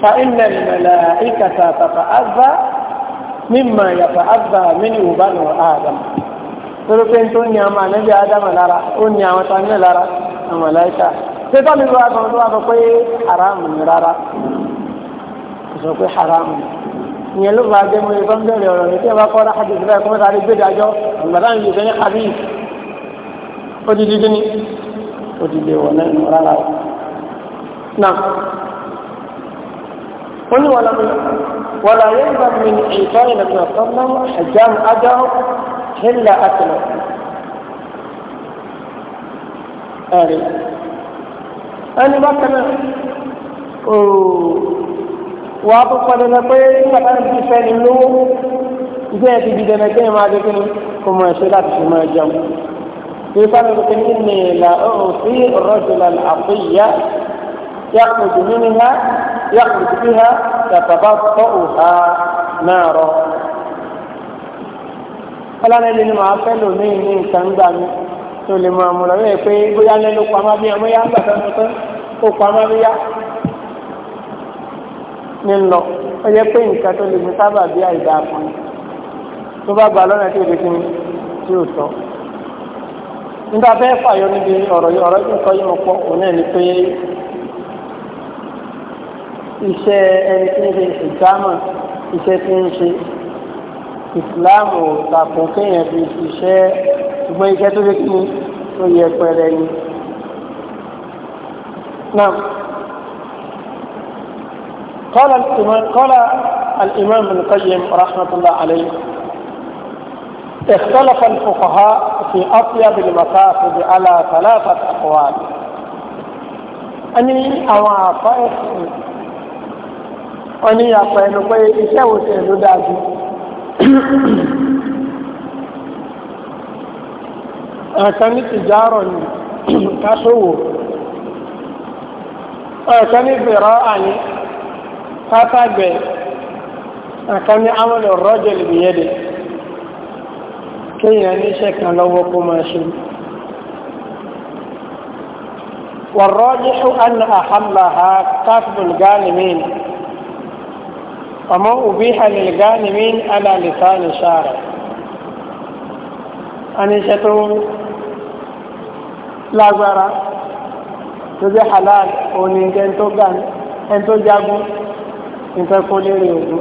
fa inna al-mala'ikata tata'azza mimma yata'azza minhu banu Adam torí pé tó ní àwọn ànábì Ádámà lára ó ní àwọn tani lára àwọn màláíkà ṣé tọ́lú ìlú àgbọn tó wà sọ pé haramu ni rárá sọ pé haramu ìyẹn ló bá jẹ́ mo ìfọ́ ń bẹ̀rẹ̀ ọ̀rọ̀ ní tí ẹ bá kọ́ ọ́ láti ìfẹ́ kọ́mọ́tà rí gbé dájọ́ ọ̀gbàdàn yìí sẹ́ni kàbí ó di dídí ni ó ti lè wọ̀ lẹ́nu rárá o. náà wọ́n ní wàlá wàlá yóò gbà mí ní ìfẹ́ ìlànà sọ́nà àjàm ájá hílà àtìlọ́. ẹ̀rí ẹni bákan náà wà á púpọ̀ lọ́nà pé nígbà táwọn ti fẹ́ ni lówó ìgbẹ́ ẹ̀ ti di dẹ̀mẹ̀kẹ́ máa dé kí ni kò mọ̀ ẹ̀ṣẹ́ láti fi máa jẹun. سيفان يقول إني لا أعطي رجلا عطية يخرج منها يخرج بها يتبطئها نارا ọlọ́run ẹni máa fẹ́ lòmíì ní nǹkan gbà mí tó lè mọ àmúlò rẹ̀ pé bóyá lẹ́nu pamọ́ bí ọmọ yá ń gbà tán tán ó pamọ́ bí yá ní lọ ó yẹ pé nǹkan tó lè mú sábà bí àìdáa fún un tó bá gbà lọ́nà tí ó lè fi tí ó sọ nígbà bẹ́ẹ̀ fàyọ níbi ọ̀rọ̀ yìí ọ̀rọ̀ yìí kọ́ yìí mo pọ̀ òun náà ni pé iṣẹ́ ẹni tí ń ṣe ìdámọ̀ iṣẹ́ tí ń ṣe ìsìláàmù tàkùn kéèyàn fi ṣiṣẹ́ ṣùgbọ́n iṣẹ́ tó ṣe kí yẹ pẹrẹ ni. náà قال الإمام, قال الإمام القيم رحمة الله عليه اختلف الفقهاء في أطيب المكاسب على ثلاثة أقوال أني أوافق أني أقول لك إيشو سيدو داجي تجارني تجارة كسو أكن براءة كتابة أكن عمل الرجل بيدي kéèyàn níṣẹ́ kan lọ́wọ́ kó máa ṣe. والراجح أن أحلها كسب الغانمين وما أبيح للغانمين على لسان شارع أنشته لا زرع تجي حلال ونين كنتو غان انتو جابو انتو كولي ريوزو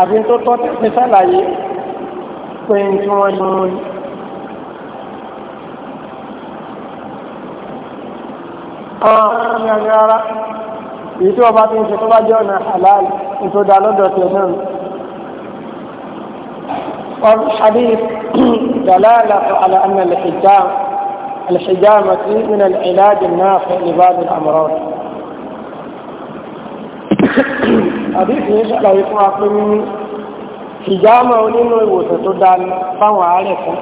àbí tó tọ́ ti sàlàyé pé ní tí wọ́n ní wọ́n ní. àwọn ọmọ rárá èyí tí wọ́n bá ti ń ṣe tó bá jẹ́ ọ̀nà halal tó dá lọ́dọ̀ tẹ̀ náà wọ́n hadith dalala ala anna al-hijama min al-ilaj an-nafi li ba'd al-amrad àdéhùn ń ṣàlàyé fún apé mímú ìjáàmà onínú ìwòsàn tó dáa fáwọn àárẹ̀ kan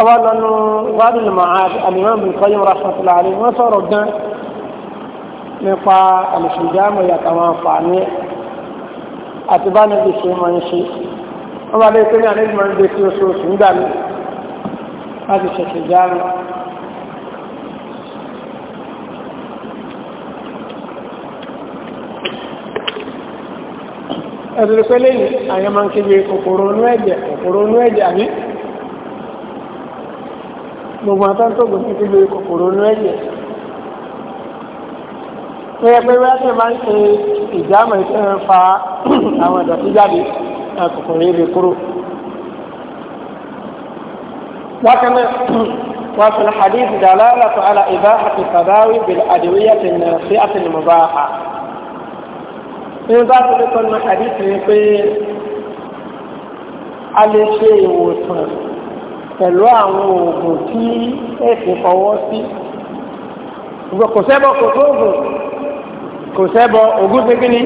ọba lọ́nu wádìí mahad alimam bin qayyim rahmatullahi alayhi wọ́n sọ̀rọ̀ gan nípa àlùsùjáàmà yàtọ̀ àwọn àǹfààní àti bá níbi ṣe máa ń ṣe wọ́n bá lè pé ní ẹ̀sùn pé lẹ́yìn àyàn máa ń kéde kòkòrò onú ẹ̀jẹ̀ kòkòrò onú ẹ̀jẹ̀ àní gbogbo àtọ́ntògùn ti kéde kòkòrò onú ẹ̀jẹ̀ tó yẹ pé wíwá tó máa ń ṣe ìjámọ̀ ìṣe ń fa àwọn ìdọ̀tí jáde kòkòrò èrè kúrò bákan náà وفي الحديث دلالة على إباحة التداوي بالأدوية النافعة المباحة ní bá tó lè kọ́nà àdìsí ni pé a lè ṣe ìwòsàn pẹ̀lú àwọn oògùn tí ẹ̀sìn fọwọ́ sí ṣùgbọ́n kò sẹ́bọ̀ kò tó oògùn kò sẹ́bọ̀ oògùn gbégbéni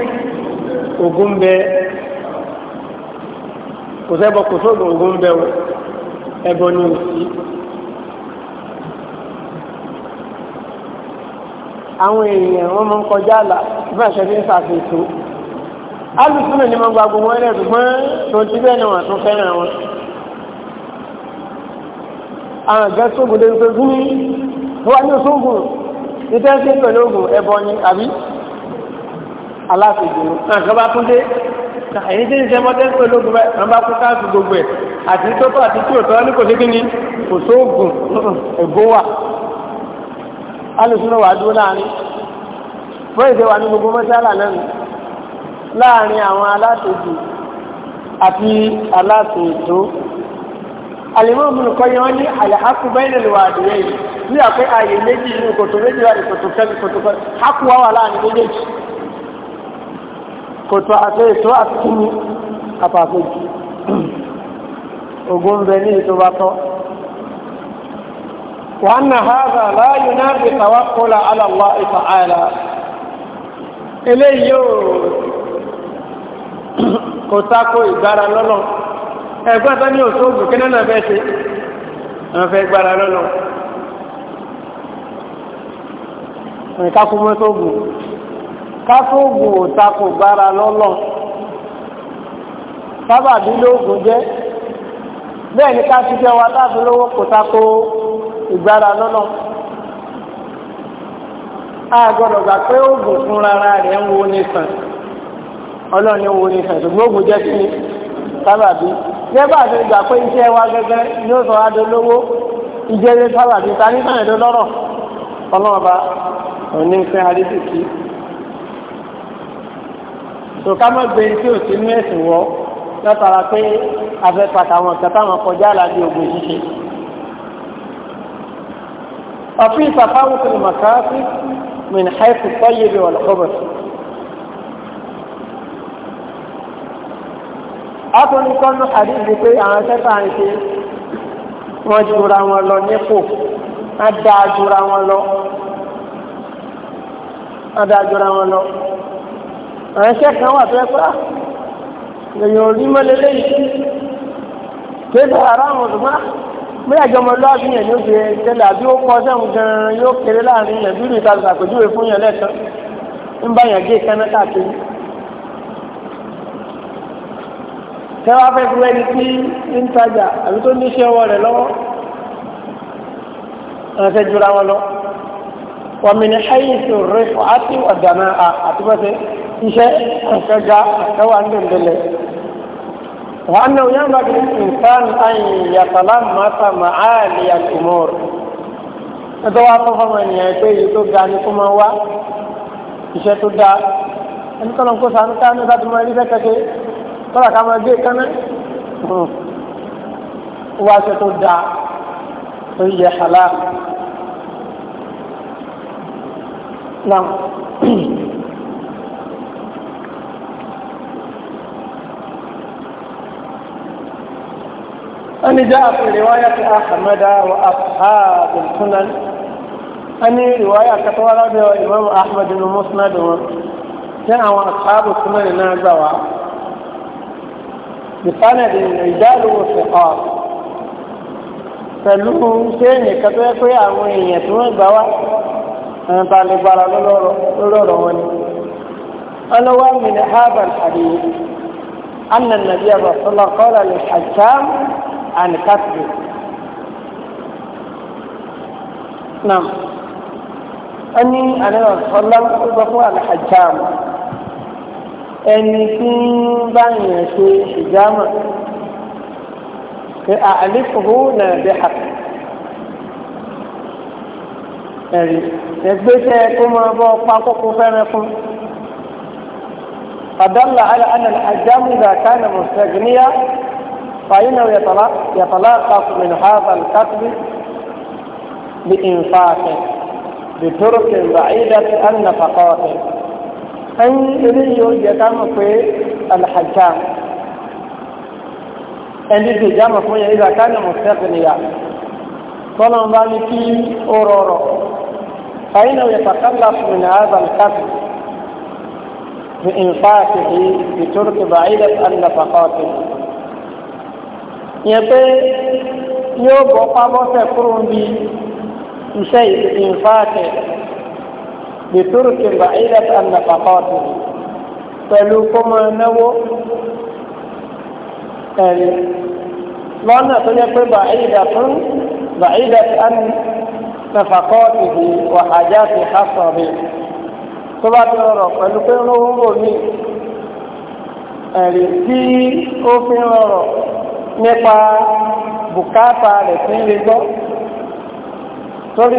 oògùn bẹ kò sẹ́bọ̀ kò tó oògùn bẹ o ẹbọ ni o sí. àwọn èèyàn wọn máa ń kọjá àlà bí àṣẹ fi ń ṣàfihàn alùsùnà ni wọ́n gba gbogbo wọn lẹ́sùn fún tó ti bẹ́ẹ̀ náà wọ́n tún fẹ́ràn wọn àwọn àgbẹ̀ sóògùn lè gbé gúnmí wọ́n ní sóògùn ìtẹ́ sí pẹ̀lú ògùn ẹbọ ni àbí aláṣejù nǹkan bá tún dé èyí tí ń ṣe mọ́tẹ́ pẹ̀lú ògùn bẹ́ẹ̀ wọ́n bá kú káàtó gbogbo ẹ̀ àti tó tó àti tí òtọ́ ní kò sí kíni kò sóògùn ẹ̀gbó wà alùsùnà wà dúró láàrin fún ìṣe wà ní gbogbo mọ́tẹ́ àlà náà láàrin àwọn alátòjì àti aláṣẹ ètò alimọ́ọ̀mù nìkan yẹn wọ́n ní àlàákù bẹ́ẹ̀ àdúrà yìí ní àpé ààyè méjì ní kòtò méjì wà ní kòtò kòtò wà láàrin kòtò àti ètò àti kúrú àpapọ̀jù ogun bẹ ní ètò bá tọ́ wọ́n na ha bá láàyò náà bí tàwa kọ́lá eléyìí yóò kò sáko ìgbára lọ́lọ́ ẹ̀gbọ́n tó ní òṣoògùn kí náà fẹ́ ṣe wọ́n fẹ́ gbára lọ́lọ́ ìkákú mọ́sóògùn kákóògùn ò sáko gbára lọ́lọ́ sábàbí lóògùn jẹ́ bẹ́ẹ̀ ni ká ti jẹ́ wa táàbí lówó kò sáko ìgbára lọ́lọ́ a gbọ́dọ̀ gbà pé oògùn fúnra rẹ̀ ń wo ní ọlọ́run ní wo ni fẹ̀sùn gbógun jẹ́ sí sábàbí jẹ́bà tó gbà pé iṣẹ́ wa gẹ́gẹ́ ni ó sọ adó lówó ìjẹ́lé sábàbí ta ní sàn èdè lọ́rọ̀ ọlọ́ọ̀ba òní ń fẹ́ adébìkí tó ká mọ́ gbé tí ò sí ní ẹ̀sìn wọ́ látara pé afẹ́ pàtàwọn kẹta wọn kọjá àlàdé ògùn ṣíṣe ọ̀fíìsì àfáwọn kìlìmọ̀káàfì mìíràn haifu tọ́yẹ̀bẹ̀ wọ̀lọ́kọ́bọ̀sì atọ́ni kọ́nù àdìsí pé àwọn sẹ́fà ń ṣe wọ́n jura wọn lọ nípò wọ́n wọn lọ wọ́n dáa jura wọn lọ wà tó ẹ ah, èèyàn ò mọ́lẹ́lẹ́ yìí kéde ara àwọn ọ̀dùnmá yẹn tẹ́lẹ̀ àbí ó kọ́ sẹ́wọ̀n gan-an yóò kéré láàrin àpèjúwe fún yẹn lẹ́ẹ̀kan ń bá yẹn gé káàkiri. tẹ́wọ́ fẹ́ fún ẹni tí ń tajà àbí tó ní iṣẹ́ ọwọ́ rẹ̀ lọ́wọ́ ẹ̀sẹ̀ jura wọn lọ wọ́n mi ní ṣáyẹ̀sì rẹ̀ fún àti ọ̀dàmà àtúbọ̀tẹ́ iṣẹ́ ẹ̀fẹ́ga ẹ̀wà ń dẹ̀ndẹ̀lẹ̀ wọ́n náà yá bá kí nǹkan àyìn yàtàlá màtà màálì àtùmọ́rù ẹ̀tọ́ wa fọ́fọ́ mọ̀ ènìyàn pé èyí tó ga ni kó máa wá iṣẹ́ tó dáa ẹni tọ́lọ́ kọ́lá ká máa gé kánná wá aṣọ tó dáa tó yẹ halal náà أن جاء في رواية أحمد وأصحاب السنن أن رواية كتورة إمام أحمد بن مسند كان أصحاب السنن نازوا بسند رجال وثقات فلو سيني كتو يا وين يا تو انا طالب بالا لولو لولو وين من هذا الحديث أن النبي صلى الله عليه وسلم قال للحجام عن كتبه نعم أني أنا صلى الله عليه وسلم الحجام ẹni tí ń bá yẹn ṣe ìjàmà pé àlefuhu náà bí a ẹ̀rí ẹgbẹ́ tẹ́ kó máa bọ́ pákókó fẹ́rẹ́ fún. فدل على أن الحجام إذا كان مستغنيا فإنه يتلقف من هذا الكتب بإنفاقه بطرق بعيدة عن نفقاته ẹ̀yìn eléyìí ó yẹ ká mọ̀ pé alhaja ẹni tí ìjà mọ̀ fún yẹn ìgbà ká ní mọ̀ sẹ́ẹ̀kì nìyà tọ́lá ń bá ní kí ó rọrọ̀ fàyín náà yẹ kàkàlà fún ní azal káfí bí ìfáàkì yìí bí tórókì bá ayé lẹ́sẹ̀ àti nàfàkọ́ọ̀tì yẹn pé yóò bọ́ pábọ́sẹ̀ kúrò ń bí iṣẹ́ ìfáàkì bìtúrùkì bàílẹ̀ ànàfàkọ́ọ̀tì pẹ̀lú kó máa náwó ẹ̀rí lọ́nà tó yẹ pé bàílẹ̀ fún bàílẹ̀ ànàfàkọ́ọ̀tì wàhájá ti hásọ̀rì tó bá ti rọrọ̀ pẹ̀lú pé rówó ń bò mí ẹ̀rí tí ó fi rọrọ̀ nípa bùkátà rẹ̀ tí ń lè gbọ́ torí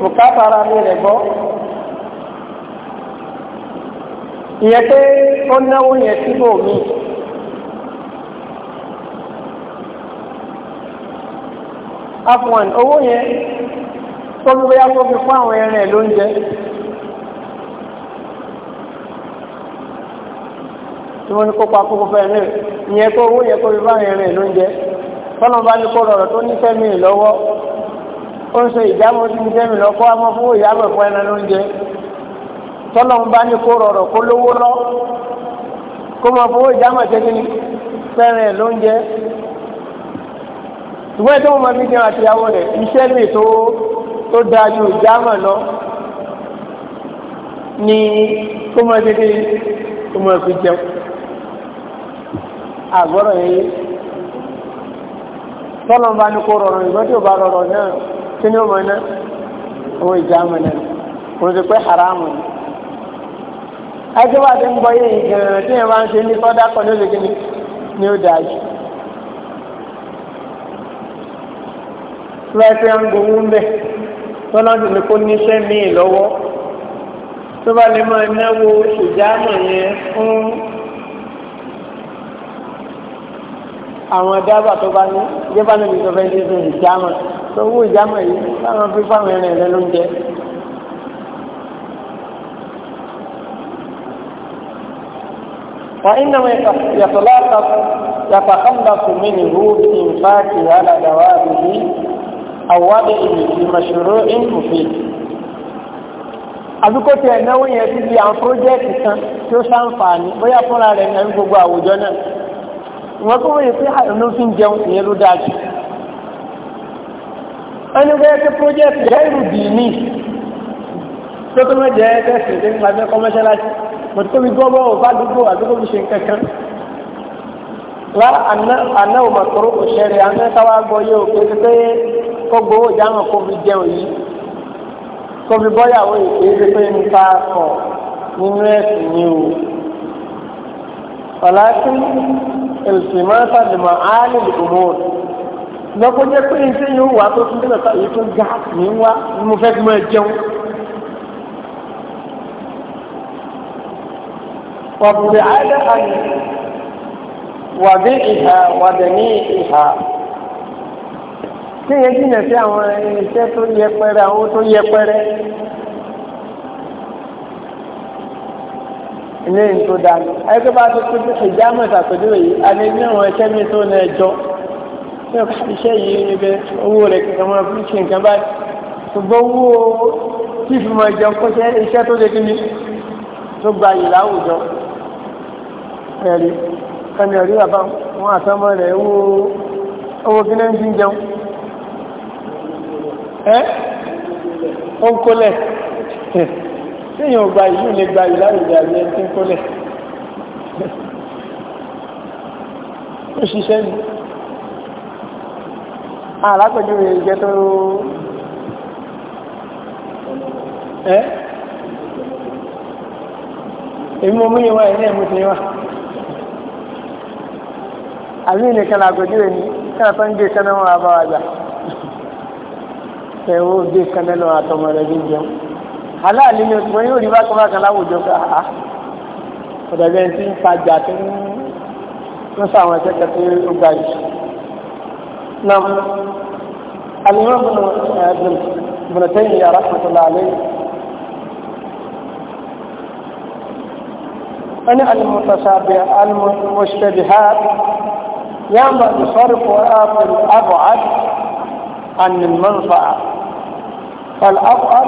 bùkátà ara mi rẹ̀ gbọ́. ìyẹn pé ó náwó yẹn síbò mí. afọ̀n owó yẹn tó bí bóyá kó fi fún àwọn ẹran ẹ̀ lóúnjẹ. tí wọ́n ní kó pa kókó fẹ́ ìyẹn owó yẹn fi ẹran ẹ̀ lóúnjẹ. tọ́nà bá ní kó rọrọ̀ tó ní fẹ́mi lọ́wọ́ ó ń ní fẹ́mi tọ́lọ̀ ń bá ní kó rọrọ̀ kó lówó lọ kó mọ fowó ìjàmọ̀ ṣe kí ni fẹ́rẹ̀ ló ń jẹ́ ṣùgbọ́n ètò wọn fi jẹun àtìyàwó rẹ̀ iṣẹ́ mi tó tó dáa ju ìjàmọ̀ lọ ni kó mọ ṣe kí ni kó mọ fi jẹun àgbọ̀rọ̀ yẹn tọ́lọ̀ ń bá ní kó rọrọ̀ ìgbọ́n tí ò bá rọrọ̀ náà kí ni ó mọ̀ náà òun ìjàmọ̀ náà òun ti pẹ́ haramu ni ẹjọ́ bá ti ń gbọ́ yìí gẹ̀rẹ̀ tí yẹn bá ń ṣe ní kọ́dá kan ní olùkí ni ó dáa jù. lọ́ọ̀tì ń gbowó ń bẹ̀ tọ́lá ti ní kó níṣẹ́ míì lọ́wọ́ tó bá lè máa náwó ṣùjáàmù yẹn fún àwọn dábàá tó bá ní ìjọba níbi tó fẹ́ ṣe fún ìjáàmù tó owó ìjáàmù yìí báwọn fífọ́ àwọn ẹ̀rẹ̀ ló ń jẹ. وإنما يتلقف يتخلص منه بإنفاق على دوابه أو وضعه في مشروع مفيد àdúgbò tí ẹ̀náwó yẹn ti di àwọn pírójẹ́ẹ̀tì kan tí ó ṣàǹfààní bóyá fúnra rẹ̀ ní ẹ̀rí gbogbo àwùjọ náà wọ́n tó wọ́n yẹ pé àìní ah, fi ń jẹun ìyẹn ló dáa jù. wọ́n bóyá pé pírójẹ́ẹ̀tì yẹn ìrù dì tó tó mọ̀ jẹ́ tẹ̀sí ní gbàgbé kọ́mọ́ṣáláṣí mọ̀tíkọ́bí gbọ́gbọ́ ọba àdúgbò àdúgbò fi ṣe kankan lá anna ò màkòrò kò ṣẹlẹ̀ àná táwa gbọ́ yé o pé pé kó gbowó ìjà hàn kó fi jẹun yìí kó fi bọ́yàwó yìí pé pé nípa kọ̀ nínú ẹ̀sìn ni o. ọ̀làkí ìlùsìmọ́sá ni mà á lè dùgbò mọ́ lọ́kọ́ jẹ́ pé iṣẹ́ yóò wá tó tún dé lọ́sà yìí tó ga ní wá mo fẹ́ fi máa jẹun. وابتعاد وبيئها ودنيئها kéèyàn jìnnà sí àwọn irinṣẹ́ tó yẹpẹrẹ àwọn tó yẹpẹrẹ ilé yìí tó dànù ẹgbẹ́ bá tó kúndé ìjámọ̀ ìṣàpèjúwe yìí alẹ́ ní àwọn iṣẹ́ mi tó na ẹjọ́ ní ọ̀ká iṣẹ́ yìí níbẹ̀ owó rẹ̀ kankan máa fi ṣe nǹkan báyìí ṣùgbọ́n owó tí ìfimọ̀ ìjọ kọ́ṣẹ́ iṣẹ́ tó lé kí ni tó gbayì láwùjọ ẹ̀rí ẹni ẹ̀rí bàbá wọn àtọmọ rẹ̀ owó owó kí náà ń dín jẹun ẹ́ ó ń kólẹ̀ tíyàn gba ìlú lè gba ìlú àrùjẹ àbí ẹni tí ń kólẹ̀ ó ṣiṣẹ́ ni alákòjú ah, rẹ̀ jẹ́ tó ẹ́ èmi mo mú yín ẹ̀ ní ẹ̀mú ti yín àmìnìkan làgbèjúwe ni kí a tó ń gbé kaná wọn àbáwá jà ẹ wo gbé kaná lọ àtọmọ rẹ bí jẹun aláàlú ni òṣùpọ̀ yóò rí bákan bákan láwùjọ ká a ọ̀dọ̀gbẹ́ ti ń tajà tó ń ń sàwọn ẹ̀kẹ́kẹ́ tó ó gbà yìí. nam alimọ́ bùnú ẹ̀ẹ́dùn bùnú tẹ́yìn yàrá tuntun láàlẹ́ yìí. wọ́n ní alimọ́ tọ́sà bí alimọ́ mọ́ṣẹ́ bí háà يعمل صرف وآخر أبعد عن المنفعة فالأبعد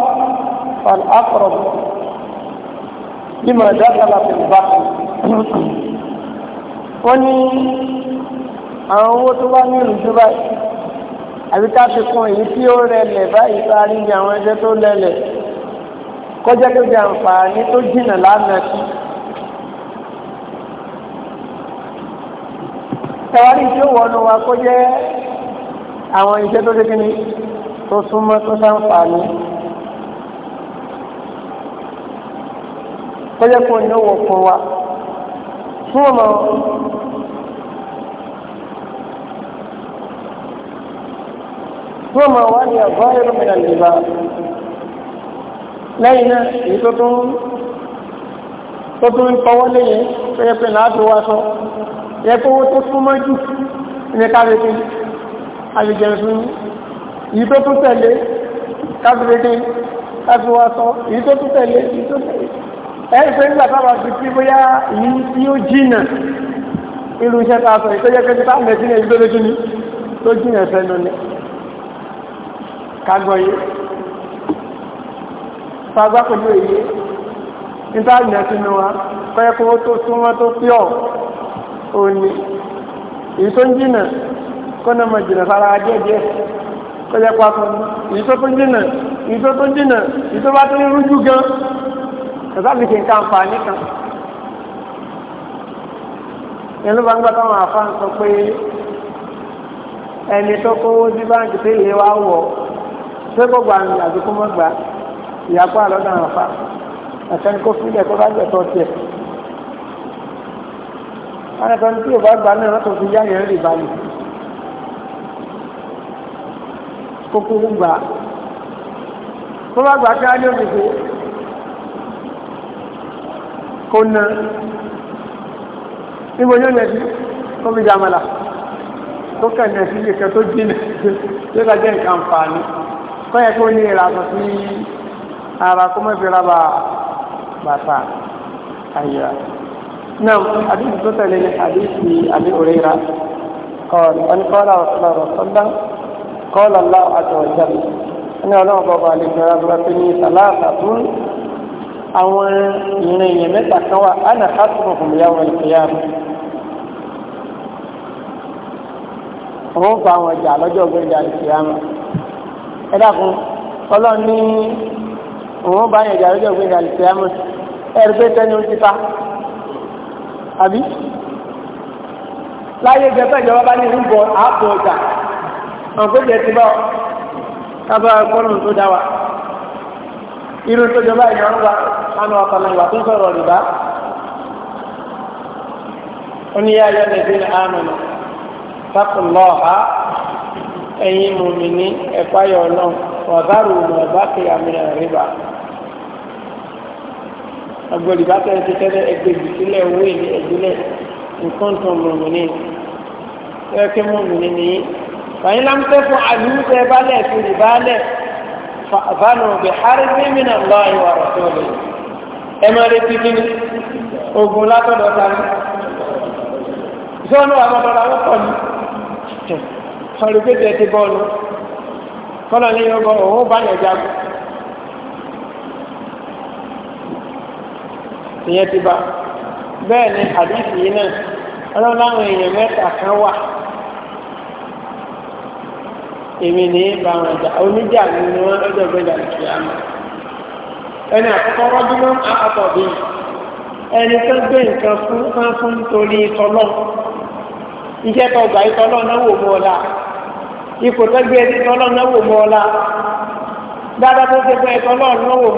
فالأقرب لما دخل في البحر وني àwọn owó tó bá ní ìrújú báyìí àbí ká fi kún èyí tí ó rẹlẹ̀ báyìí parí ní àwọn ẹgbẹ́ tó lẹlẹ̀ kọjá lóde àǹfààní tó jìnnà lánàá sí tẹwàrí tí ó wọnú wa kó jẹ́ àwọn iṣẹ́ tó ṣe kíni tó súnmọ́ tó ṣàǹfààní kó jẹ́ kó ní owó fún wa fún ọmọ fún ọmọ wa ni ọ̀gọ́ ẹ̀rọ mìíràn lè bá lẹ́yìn náà èyí tó tún tó tún fọwọ́ lẹ́yìn tó yẹ pé láti wá sọ yẹ kó owó tó súnmọ́ jù ní káàkiri alìjẹun fún yìí tó tún tẹ̀lé káàkiri káàkiri wá sọ yìí tó tún tẹ̀lé yìí tó tẹ̀lé ẹ̀rí pé nígbà táwọn ti fi bóyá yìí tí ó jìnà irú iṣẹ́ ta sọ ìtọ́jẹ́ pé ti táwọn ẹ̀sìn ẹ̀yìn tó lójú ni tó jìnà ẹ̀fẹ́ lónìí kágbọ́ yìí fagbá pẹ̀lú èyí nígbà ìrìnàṣínú wa kọ́yẹ́kọ́ òní èyí tó ń jìnà kọ́nà mọ̀ jìnà sára ajé díẹ̀ kọjá pàtó èyí tó tó ń jìnà èyí tó tó ń jìnà èyí tó bá tó ń rújú gan kàtàbí kì í ká àǹfààní kan ìlú bá ń gbà táwọn àfa ń sọ pé ẹni tó kówó sí báńkì tó ìlé wa wọ̀ ṣé kò gbà ní mọ́ gbà ìyàpá lọ́dọ̀ àwọn àfa àtẹnikó fílẹ̀ tó bá jẹ̀ tiẹ̀ wọn ẹgbẹ́ tí yóò bá gbà náà tó fi yá yẹn rè balẹ̀ kókó ń gbà tó bá gbà kí á ní òkèké kó ná níbo yóò yẹ sí kó fi jàmàlà tó kẹ̀lé sí ìkẹ́ tó jìnà yóò ká jẹ́ nǹkan fàánì kọ́ yẹ kó ní ìlànà sí ara kó mọ́ fi ra bàtà àyà. نعم حديث قتل لحديث أبي هريرة قال أن قال رسول الله صلى الله عليه وسلم قال الله عز وجل أن الله بابا عليك ربني ثلاثة àwọn ìrìnyìn mẹ́ta kan wà ana hasbuhum yawm al-qiyamah òun fa àwọn ọjà lọ́jọ́ gbẹ̀dẹ̀ al-qiyamah ẹ dákun ọlọ́run ní òun bá yẹn jà àbí láyé gẹ́gẹ́ ìjọba bá ní ìrúbọ ààbò ọjà ọ̀gbẹ́jẹ ti bá kábàá kọ́nù tó dá wa irú tó jọba ìyàn ń wa sánú ọ̀sán ìwà tó sọ̀rọ̀ rìbá ó ní yá ayọ́ lẹ́sìn ní àmìnà ẹ̀yìn mùmí ní náà wàzárù agbọ̀dì bá tẹ̀lé ti tẹ́lẹ̀ ẹgbẹ́ ìbísílẹ̀ owó ìní ẹ̀dílẹ̀ nǹkan tó mọ̀mọ́ ní ẹ̀kẹ́ mọ̀mọ́ ní nìyí. wàyí lámsẹ́ fún àlùfẹ́ balẹ̀ ti rì balẹ̀ fàbánu bí haribi mina lọ ìwà rọ̀tọ́lẹ̀ ẹ máa retí kí ni ogun látọ̀dọ̀ ta ni sọ́nù àwọn ọ̀dọ́ làwọn ti bọ́ọ̀lù kọ́nà ní ìyẹn ti bá bẹ́ẹ̀ ni àdìsí yìí náà ọlọ́run láwọn èèyàn mẹ́ta kan wà èmi ní bá wọn oníjà mi ni wọn lọ́jọ́ gbẹ́jà ẹni àkọ́kọ́ àkọ́kọ́ bí fún fún tọ́lọ́ iṣẹ́ tó gbà náà wò mọ́ ipò tó gbé tọ́lọ́ náà wò mọ́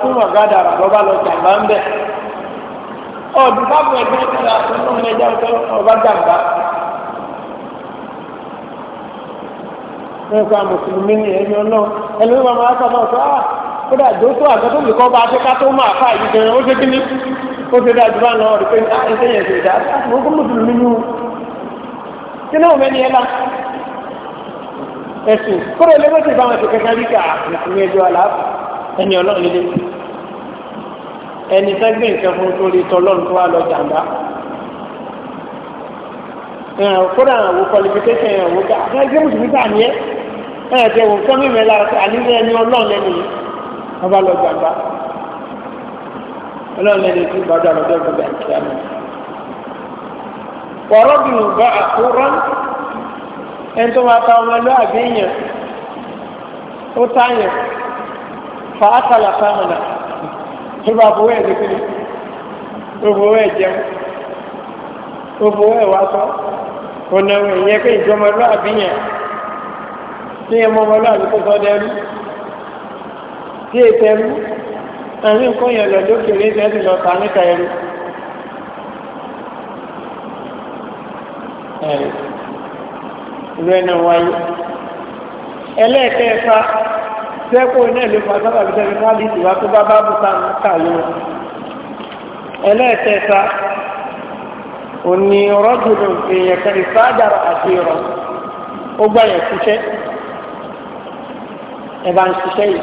fún ọ̀gá dàrà lọ́ba lọ jàmbá ń ọdún bá bọ̀ ẹgbẹ́ ìtura ọdún náà ẹja ọjọ́ ọba jàmbá. wọ́n kọ́ àmùsùlùmí ni ẹni ọ̀nà ẹlẹ́yìn bá máa sábà sọ á kódà jókòó àgbẹ̀ tó lè kọ́ bá afẹ́ká tó máa fà yìí gan ó ṣe kí ni ó ṣe dájú bá náà rí pé ní àìsè yẹn ṣe dá mo kún mùsùlùmí ni o kí náà mẹ́ni ẹ la ẹ̀sìn kódà ilé mẹ́sìn bá wọn ṣe kẹta rí ká mùsùlùmí ẹjọ́ àlàáfíà ẹni ọlọ́run lélẹ́yìn ẹni tẹ́gbẹ́ nǹkan fún torí tọlọ́run tó wà lọ jàǹbá ẹ̀hàn kódà àwọn qualification ẹ̀hàn wò ká ẹgbẹ́ mùsùlùmí tà ní ẹ ẹ̀hàn tẹ wò kọ́ mímẹ́ lára pé àníwẹ̀ ẹni ọlọ́run lẹ́nu yìí wọ́n bá lọ jàǹbá ọlọ́run lẹ́nu tí gbàdúrà lọ́jọ́ gbọdọ̀ àti àná. wọ́rọ́ bí mo bá àkóràn ẹni tó máa ta ọmọ ẹlọ́ àbí ó táyàn fa ákàlà fáwọn náà tó bá fowó ẹ̀ lókè tó fowó ẹ̀ jẹun tó fowó ẹ̀ wá sọ ọ̀nà ìyẹn pé ìjọmọlúwàbí yẹn tí ẹ mọ ọmọlúwàbí tó sọ dẹrú tí ètò ẹrú àmì nǹkan yẹn lọ lókè níta ẹrú. ìlú ẹ̀ náà wáyé ẹlẹ́ẹ̀kẹ́ẹ̀fà sẹ́kùn iná ìlú pàtàkì ìṣẹ́lẹ̀ fáàlì ìwà tó bá bá bùtà ń kà lọ ẹlẹ́ẹ̀kẹta òní rọ́jùlù èèyàn kan ìfádàrà àti ìrọ̀ ó gbà yẹn ṣiṣẹ́ ẹ bá ń ṣiṣẹ́ yìí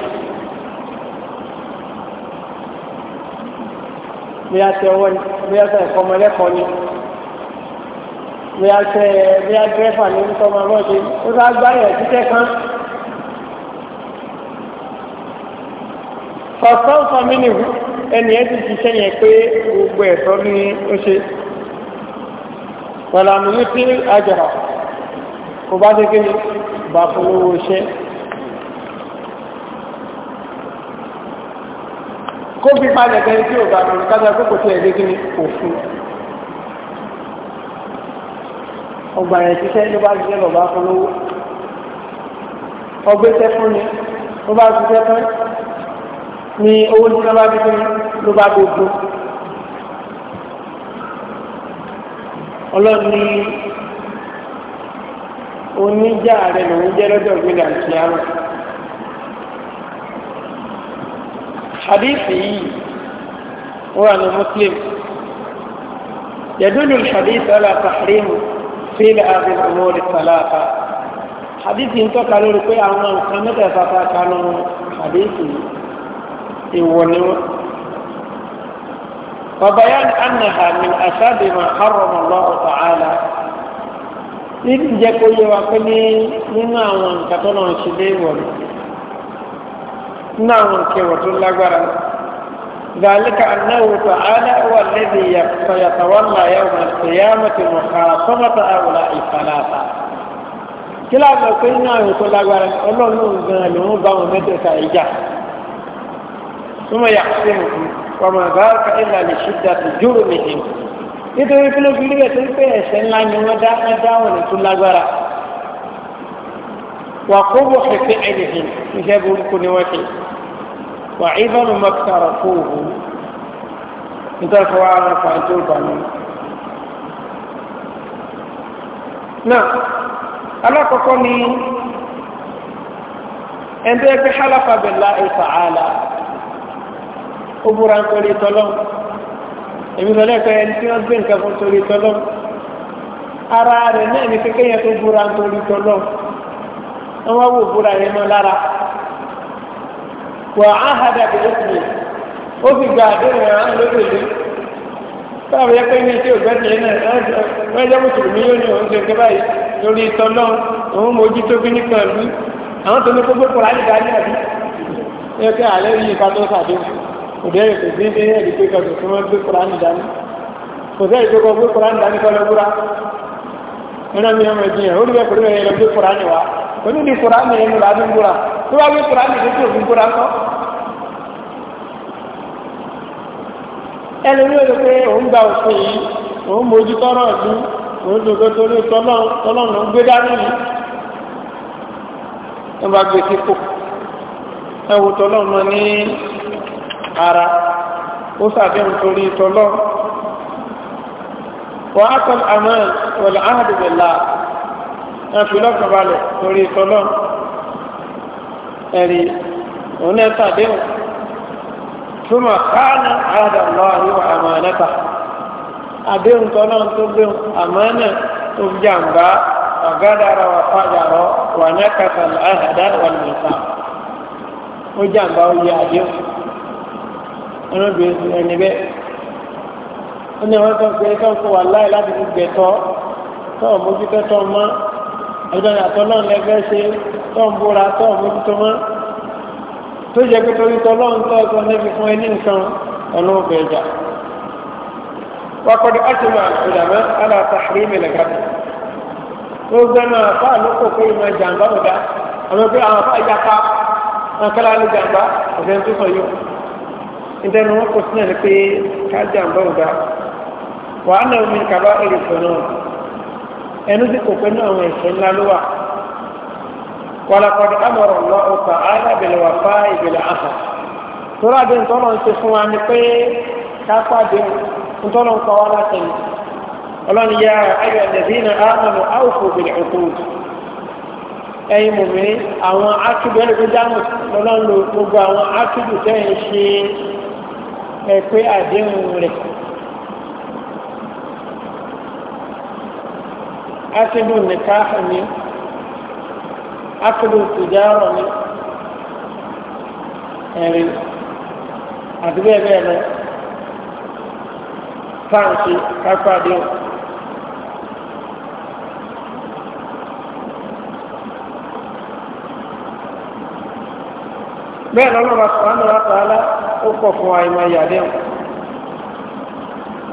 bí a ṣe ọwọ́ ni bí a ṣe ẹ̀kọ́ ọmọ ẹlẹ́kọ̀ọ́ ni bí a ṣe bí a dírẹ́fà ní nítorí ọmọ ọmọ ó sá gbà yẹn ṣiṣẹ́ kan. fàfáǹfà mínìwù ẹni ẹ ti ṣiṣẹ́ yẹn pé gbogbo ẹ̀tọ́ ni ó ṣe pẹ̀lú àmúyí tí àjàrà kò bá ṣe kí ni bá polówó iṣẹ́ kó fi palẹ̀ kẹ́ni tí ò bá mi kájà kó kò tí ẹ̀ kí ni òfin ọgbà yẹn ṣiṣẹ́ ló bá ṣiṣẹ́ lọ bá polówó ọgbẹ́sẹ̀ fún ni ló bá ṣiṣẹ́ fún ní owó tí wọ́n bá fi fún ló bá gbogbo. ọlọ́run ní oníjà rẹ̀ lòún jẹ́ lọ́dọ̀ gbẹ̀dẹ̀ àti àrùn. hadith yìí wà ní muslim يدل الحديث على تحريم فعل هذه الأمور الثلاثة حديث ينتقل لكي أعمل كمتة فتا كانوا حديث ìwọ ni wọn. وبيان أنها من أسباب ما حرم الله تعالى níbi jẹ́ kó yẹ wa pé ní nínú àwọn nǹkan tó náà ṣe lé wọ̀ nínú àwọn nǹkan ìwọ̀ tó lágbára ذلك أنه تعالى هو الذي سيتولى يوم القيامة مخاصمة هؤلاء الثلاثة kí láàbọ̀ pé nínú àwọn tó lágbára ọlọ́run gan-an ló ń bá wọn mẹ́tẹ̀ẹ̀ta ìjà ثم يحسنهم وما ذلك الا لشده جرمهم إذا ابن جرير تلقي اسن لا نمدا ندا ولا كل غرا وقبح فعلهم يجابوا لكم نواتي وعظم ما اقترفوه إذا سواء فانتوا فانتوا نعم alakoko ni ẹnbẹ bi halafa bi laayi fa'ala ó búra nítorí tọ́lọ́m èmi lọ lẹ́kọ̀ọ́ ẹni tí wọ́n gbé nǹkan fún torí tọ́lọ́m ara rẹ̀ náà ní kékeré yẹn tó búra nítorí tọ́lọ́m wọ́n wá wò búra yẹn mọ́ lára wà á hada bìlẹ́sìlẹ̀ ó fi gba àdéhùn àwọn olóògbé báwo yẹ pé ní tí ò gbẹ́sẹ̀ yẹn náà wọ́n jẹ́ mùsùlùmí yóò ní òun ṣe nǹkan báyìí lórí tọ́lọ́m òun mójútó bí nìkan lù àwọn tó ní gbogbo kọ̀ọ̀lá yìí dání àbí ẹ kò dé kò sí ní ẹ̀rí pé kọ́ tó máa gbé kúránì dání kò sí ẹ̀rí pé kọ́ gbé kúránì dání kọ́ lọ́gbúra nínú mi ọmọ ìjìyàn ó ní bẹ́ẹ̀ kúrò yẹn lọ gbé kúránì wa kò ní ní kúránì yẹn lọ láti ń gbúra tó bá gbé kúránì tó tó fi gbúra kọ́. ẹni ní o lè pé òun gba òfin yìí òun mójú tọrọ ọdún òun tó gbé torí tọlọ́n gbé dání yìí wọ́n bá gbé sípò ẹ̀wù tọlọ́n lọ ní ara ó sàdéhùn torí ìtọ́lọ́ wà á tọ́ àmọ́ wọ̀lẹ̀ áhàdùbẹ̀lá ẹ̀ fi lọ́kàn balẹ̀ torí ìtọ́lọ́ ẹ̀rí òun náà sàdéhùn túmọ̀ káàna àádọ́lọ́ àríwá àmọ́ ẹ̀nẹ́ta àdéhùn tọ́lọ́ tó gbéhùn àmọ́ ẹ̀nẹ́ tó jàǹbá ọ̀gádàrà wà fàjàrọ̀ wà nákàtà àhàdá wà nìta ó jàǹbá ó yẹ àdéhùn ọlọ́dún ẹni bẹ́ẹ̀ ó ní àwọn kan pé tó ń kó wà láì láti fi gbẹ̀tọ́ tó ń mójútó tó ń mọ́ ọdún àtọ́ náà lẹ́gbẹ́ ṣe tó ń búra tó ń mójútó mọ́ tó jẹ́ pé torí tó lọ́n tó ọ̀tọ̀ níbi fún ẹni nǹkan ọlọ́run bẹ̀ jà wakọ̀dọ̀ ọ̀túnmọ̀ ìdàmọ́ alátàrí mẹ́lẹ̀gàdì ó gbẹ́nà àfáà ló kò pé ìmọ̀ jàǹbá ọ̀dá àwọn pé àwọn àfáà yapa àkàlà ní jàǹbá ọ̀dẹ́ tó sọ nítorí wọn kò sínú ẹni pé kájà ń bọ̀ ọ̀gá wàá náà omi kaba èrìfọ̀ náà ẹnu tí kò pẹ́ náà àwọn ẹ̀ṣẹ̀ ńlá ló wà wàlàkọ̀dọ̀ amọ̀rọ̀ lọ ọkọ̀ alábẹ̀lẹ̀ wà fá ìbẹ̀lẹ̀ àhà torí àbí ntọ́nà ń ṣe fún wa ni pé kápádé ntọ́nà ń pa wá láti ní ọlọ́ni yá ayọ̀ ẹ̀dẹ̀dínà ámàlù áwòfò bẹ̀rẹ̀ òkú ẹ̀yin mùmí àwọn átúbẹ̀rẹ̀ gbẹ́dámù lọ́lọ́lù gbogbo àwọn átúbù tẹ́yìn ṣe ẹ pé àdéhùn rẹ̀ akídù nìkáhà ni akídù tìjárọ̀ ni ẹ̀rí àti bẹ́ẹ̀ bẹ́ẹ̀ lọ fáǹsì kápá àdéhùn. bẹ́ẹ̀ lọ́nà bá sọ̀rọ̀ àwọn àtàlá ó pọ̀ fún wa ìmọ̀ ìyàdẹ́hùn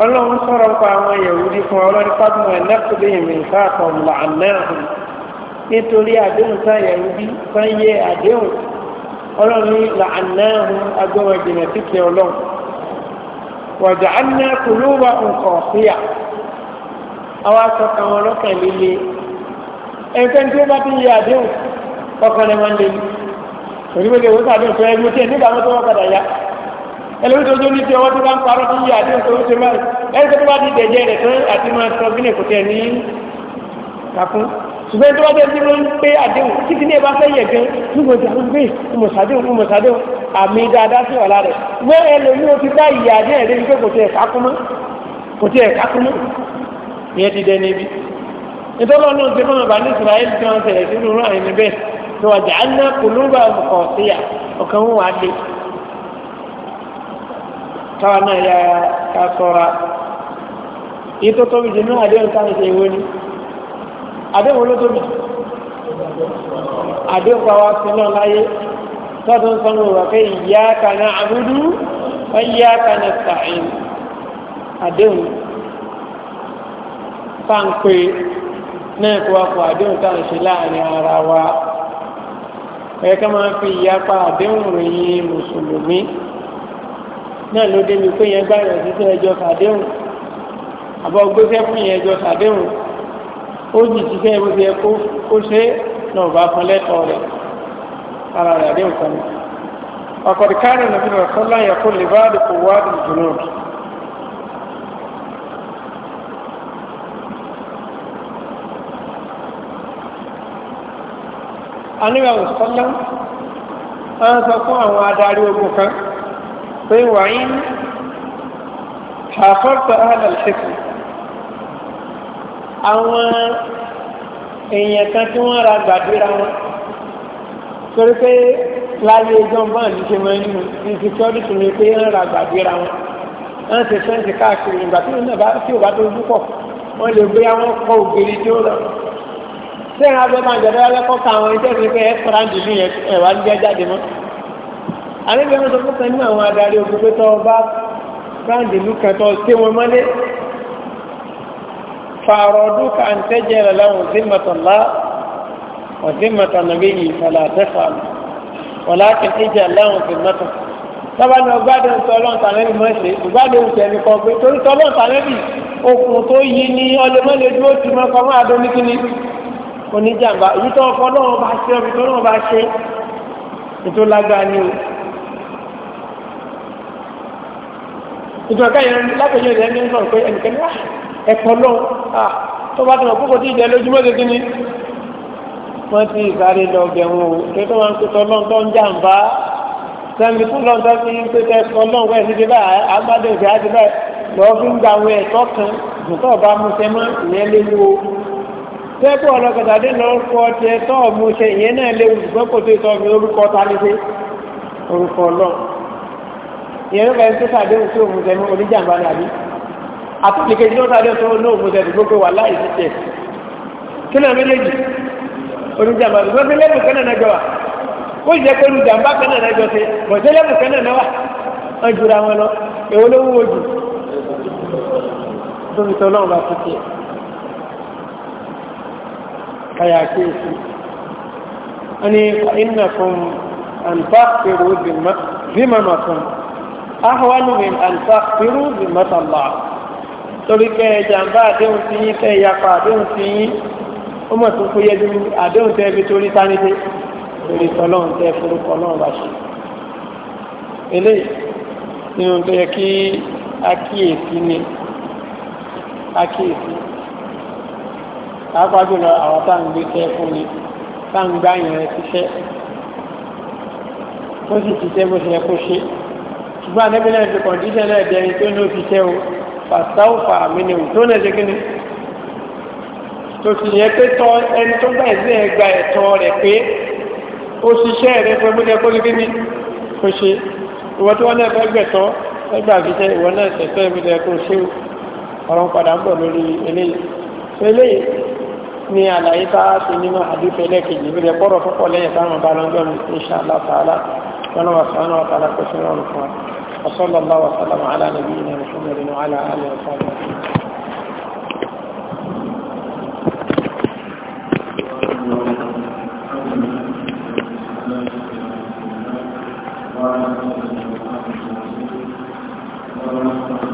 ọlọ́run sọ̀rọ̀ nípa àwọn yẹ̀wùdí fún ọlọ́ni fábùmù ẹ̀lẹ́kùnrin ìmì ìfáàkàn làánáàhùn nítorí àdéhùn tá yẹ̀wùdí fún yẹ àdéhùn ọlọ́ni làánáàhùn agbọ́wọ̀ jìnà síkẹ́ ọlọ́run wàjà áná kùlúwà nǹkan síyà àwọn asọ̀kà wọn lọ́kàn líle ẹ̀ńtẹ́ tí ó bá ti yẹ àdéhùn ọkàn rẹ̀ máa ń lé ní òní ẹlẹ́wọ́n tó tó ní tí ọwọ́ tó bá ń parọ́ fún yíyá àdéhùn tó ń ṣe báyìí ẹ̀rí tó bá di dẹ̀jẹ́ rẹ̀ tán àti máa sọ bí nìkú tẹ̀ ní kàkún ṣùgbọ́n tó bá jẹ́ tí wọ́n ń pé àdéhùn títí ní ẹ bá fẹ́ yẹ̀ gan nígbà tí àwọn gbé ìmọ̀sádéhùn ìmọ̀sádéhùn àmì dáadáa sí wà lára wọ́n ẹlòmí ó ti bá ìyá àdéhùn rẹ̀ wípé kò tiẹ̀ kákúmọ́ kò tiẹ̀ kákúmọ́ ìyẹn ti dẹni ibi nítorí ọ̀nà tí wọ́n bá ní Ísírẹ́lì tí wọ́n tẹ̀lé sínú rán àyìn bẹ́ẹ̀ tó wà jà á ná kòlóńgbà ọkọ̀ síyà ọ̀kan wọn wà á lé káwa náà yá ká sọ́ra yìí tó tóbi jù náà àdéhùn sáà ṣe ìwé ni àdéhùn ló tóbi àdéhùn pàwọ́ sí náà láyé tọ́dún sọ́nù wà pé iyyaka na'budu wa iyyaka nasta'in àdéhùn sáǹpé náà kó wá fún àdéhùn sáà ṣe láàrin ara wa ẹ̀ka máa fi ìyapa àdéhùn rìn mùsùlùmí náà ló débi pé yẹn gbá ìrọ̀sí sí ẹjọ́ sàdéhùn àbọ̀ gbéṣẹ́ fún yẹn ẹjọ́ sàdéhùn ó jì síṣẹ́ bó ti yẹ kó ṣe náà bá fún lẹ́tọ̀ọ́ rẹ̀ ara rẹ̀ àdéhùn kan ní. ọ̀kọ̀dìkárẹ̀ nàbí rọ̀sọ́lá yẹ kó lè bá àdìpọ̀ wádìí jùlọ anígbà òsọ́lá wọ́n sọ fún àwọn adarí ogun kan pé wàyín àfọ́tọ̀ alàlẹ́kù àwọn èèyàn kan tí wọ́n ra gbàdúrà wọn torí pé láyé jọmbọ́n ní ṣe máa ń nù ní security ni pé ń ra gbàdúrà wọn wọ́n ti fẹ́ǹsì káàkiri ìgbà tí wọ́n bá tí ò bá tó dúpọ̀ wọ́n lè gbé àwọn kọ́ ògiri tí ó lọ. sẹ́yìn abẹ́ máa jẹ́ lọ́wọ́ lẹ́kọ̀ọ́ kan àwọn iṣẹ́ mi pé ẹ̀ fọ́nrán dìlú yẹn ẹ̀wà ń jẹ́ jáde àlejò ẹ̀rọ sọ fún kan nínú àwọn adarí ogun pé tọ́ bá báńdì ìlú kan tọ́ sí wọn mọ́lé fàrọ̀dún ká ń tẹ́jẹ́ rẹ̀ láwọn òsínmọ̀tànlá òsínmọ̀tànàbí yìí fàlà àtẹ́fà wọ̀lá kẹ̀kẹ́jẹ́ láwọn òsínmọ̀tàn sábà ní ọgbádùn sọ ọlọ́run tàlẹ́bì mọ́ ṣe ìgbádùn ṣe ẹni kan pé torí sọ ọlọ́run tàlẹ́bì okùn tó yí ní ọlẹ́mọ́lẹ́ dúró ti mọ́ ọkọ̀ máa dún ní oníjàmbá èyí tó ọkọ̀ náà bá ṣe ọbì ìjọba káyọ̀ látọ̀jọ́ ìdẹ́ ní sọ̀rọ̀ pé ẹnìkan ah, ẹ̀kọ́ lọ ah, tó bá tọ̀nà púpọ̀ tí ìdẹ́ lójúmọ́ ti kí ni wọ́n ti ìsáré lọ gẹ̀wọ̀n o tó tó máa ń pè tọ́lọ́ tó ń jàǹbá sẹ́mi tó lọ́n tó fi ń pè tẹ́ ẹ̀kọ́ lọ́n wẹ̀ síbi báyìí àgbàdo ìfẹ́ àti báyìí lọ́ọ́ fi ń gba ìyẹn náà léwu ṣùgbọ́n kò tó ìtọ́ mi orúkọ ta orúkọ ọlọ́run ìyẹn nípa ẹni tó sàdéhùn tí òun tẹnu oníjàmbá ni àbí àtàlìkejì ló sàdéhùn tó ní òun tẹnu gbogbo wà láì sí tẹ kí náà méjèèjì oníjàmbá ni wọ́n fi lẹ́bùn kan náà jọ wà ó jẹ́ pé oníjàmbá kan náà jọ ṣe bọ̀dé lẹ́bùn kan náà wà wọ́n jura wọn lọ èwo ló wúwo jù tó fi tọ́lọ́run bá fi tiẹ̀ káyà kéèsì wọ́n ní fa innakum an taqfiru bima makum ahọ́nù mi àǹtà irú mi mọ́tàlá torí kẹ́ ẹ jàǹbá àdéhùn sí yín kẹ́ ẹ yapa àdéhùn sí yín ó mọ̀ tó fúyẹ́ ju àdéhùn tẹ́ fi torí sáníté torí tọ́lọ́hùn tẹ́ forúkọ náà bá ṣe. eléyìí nínú tó yẹ kí akíyèsí ni akíyèsí pàápàá jùlọ àwọn tá à ń gbé tẹ́ fún ni tá à ń gbá yẹn ṣiṣẹ́ tó sì ṣiṣẹ́ bó ṣe yẹ kó ṣe é ṣùgbọ́n anábì náà ti kọ̀ǹdíṣẹ́ náà jẹ́ ẹni tó ní òfìṣẹ́ o fàtàwùfà àmìnì tó náà ṣe kíni tó sì yẹ pé tọ́ ẹni tó gbà sí ẹgbà ẹ̀tọ́ rẹ̀ pé ó ṣiṣẹ́ rẹ̀ pé múlẹ̀ kó lókè ní kó ṣe ìwọ tí wọ́n náà fẹ́ gbẹ̀tọ́ ẹgbà fìṣẹ́ ìwọ náà ṣẹ̀fẹ́ múlẹ̀ kó ṣe ọ̀rọ̀ padà ń bọ̀ lórí eléyìí eléyìí ni àlàyé tá a ṣe nínú àdúfẹ́ lẹ́ẹ̀kejì múlẹ̀ pọ̀rọ̀ púpọ̀ الله سبحانه وتعالى كسر ونفعل وصلى الله وسلم على نبينا محمد وعلى آله وصحبه Thank you.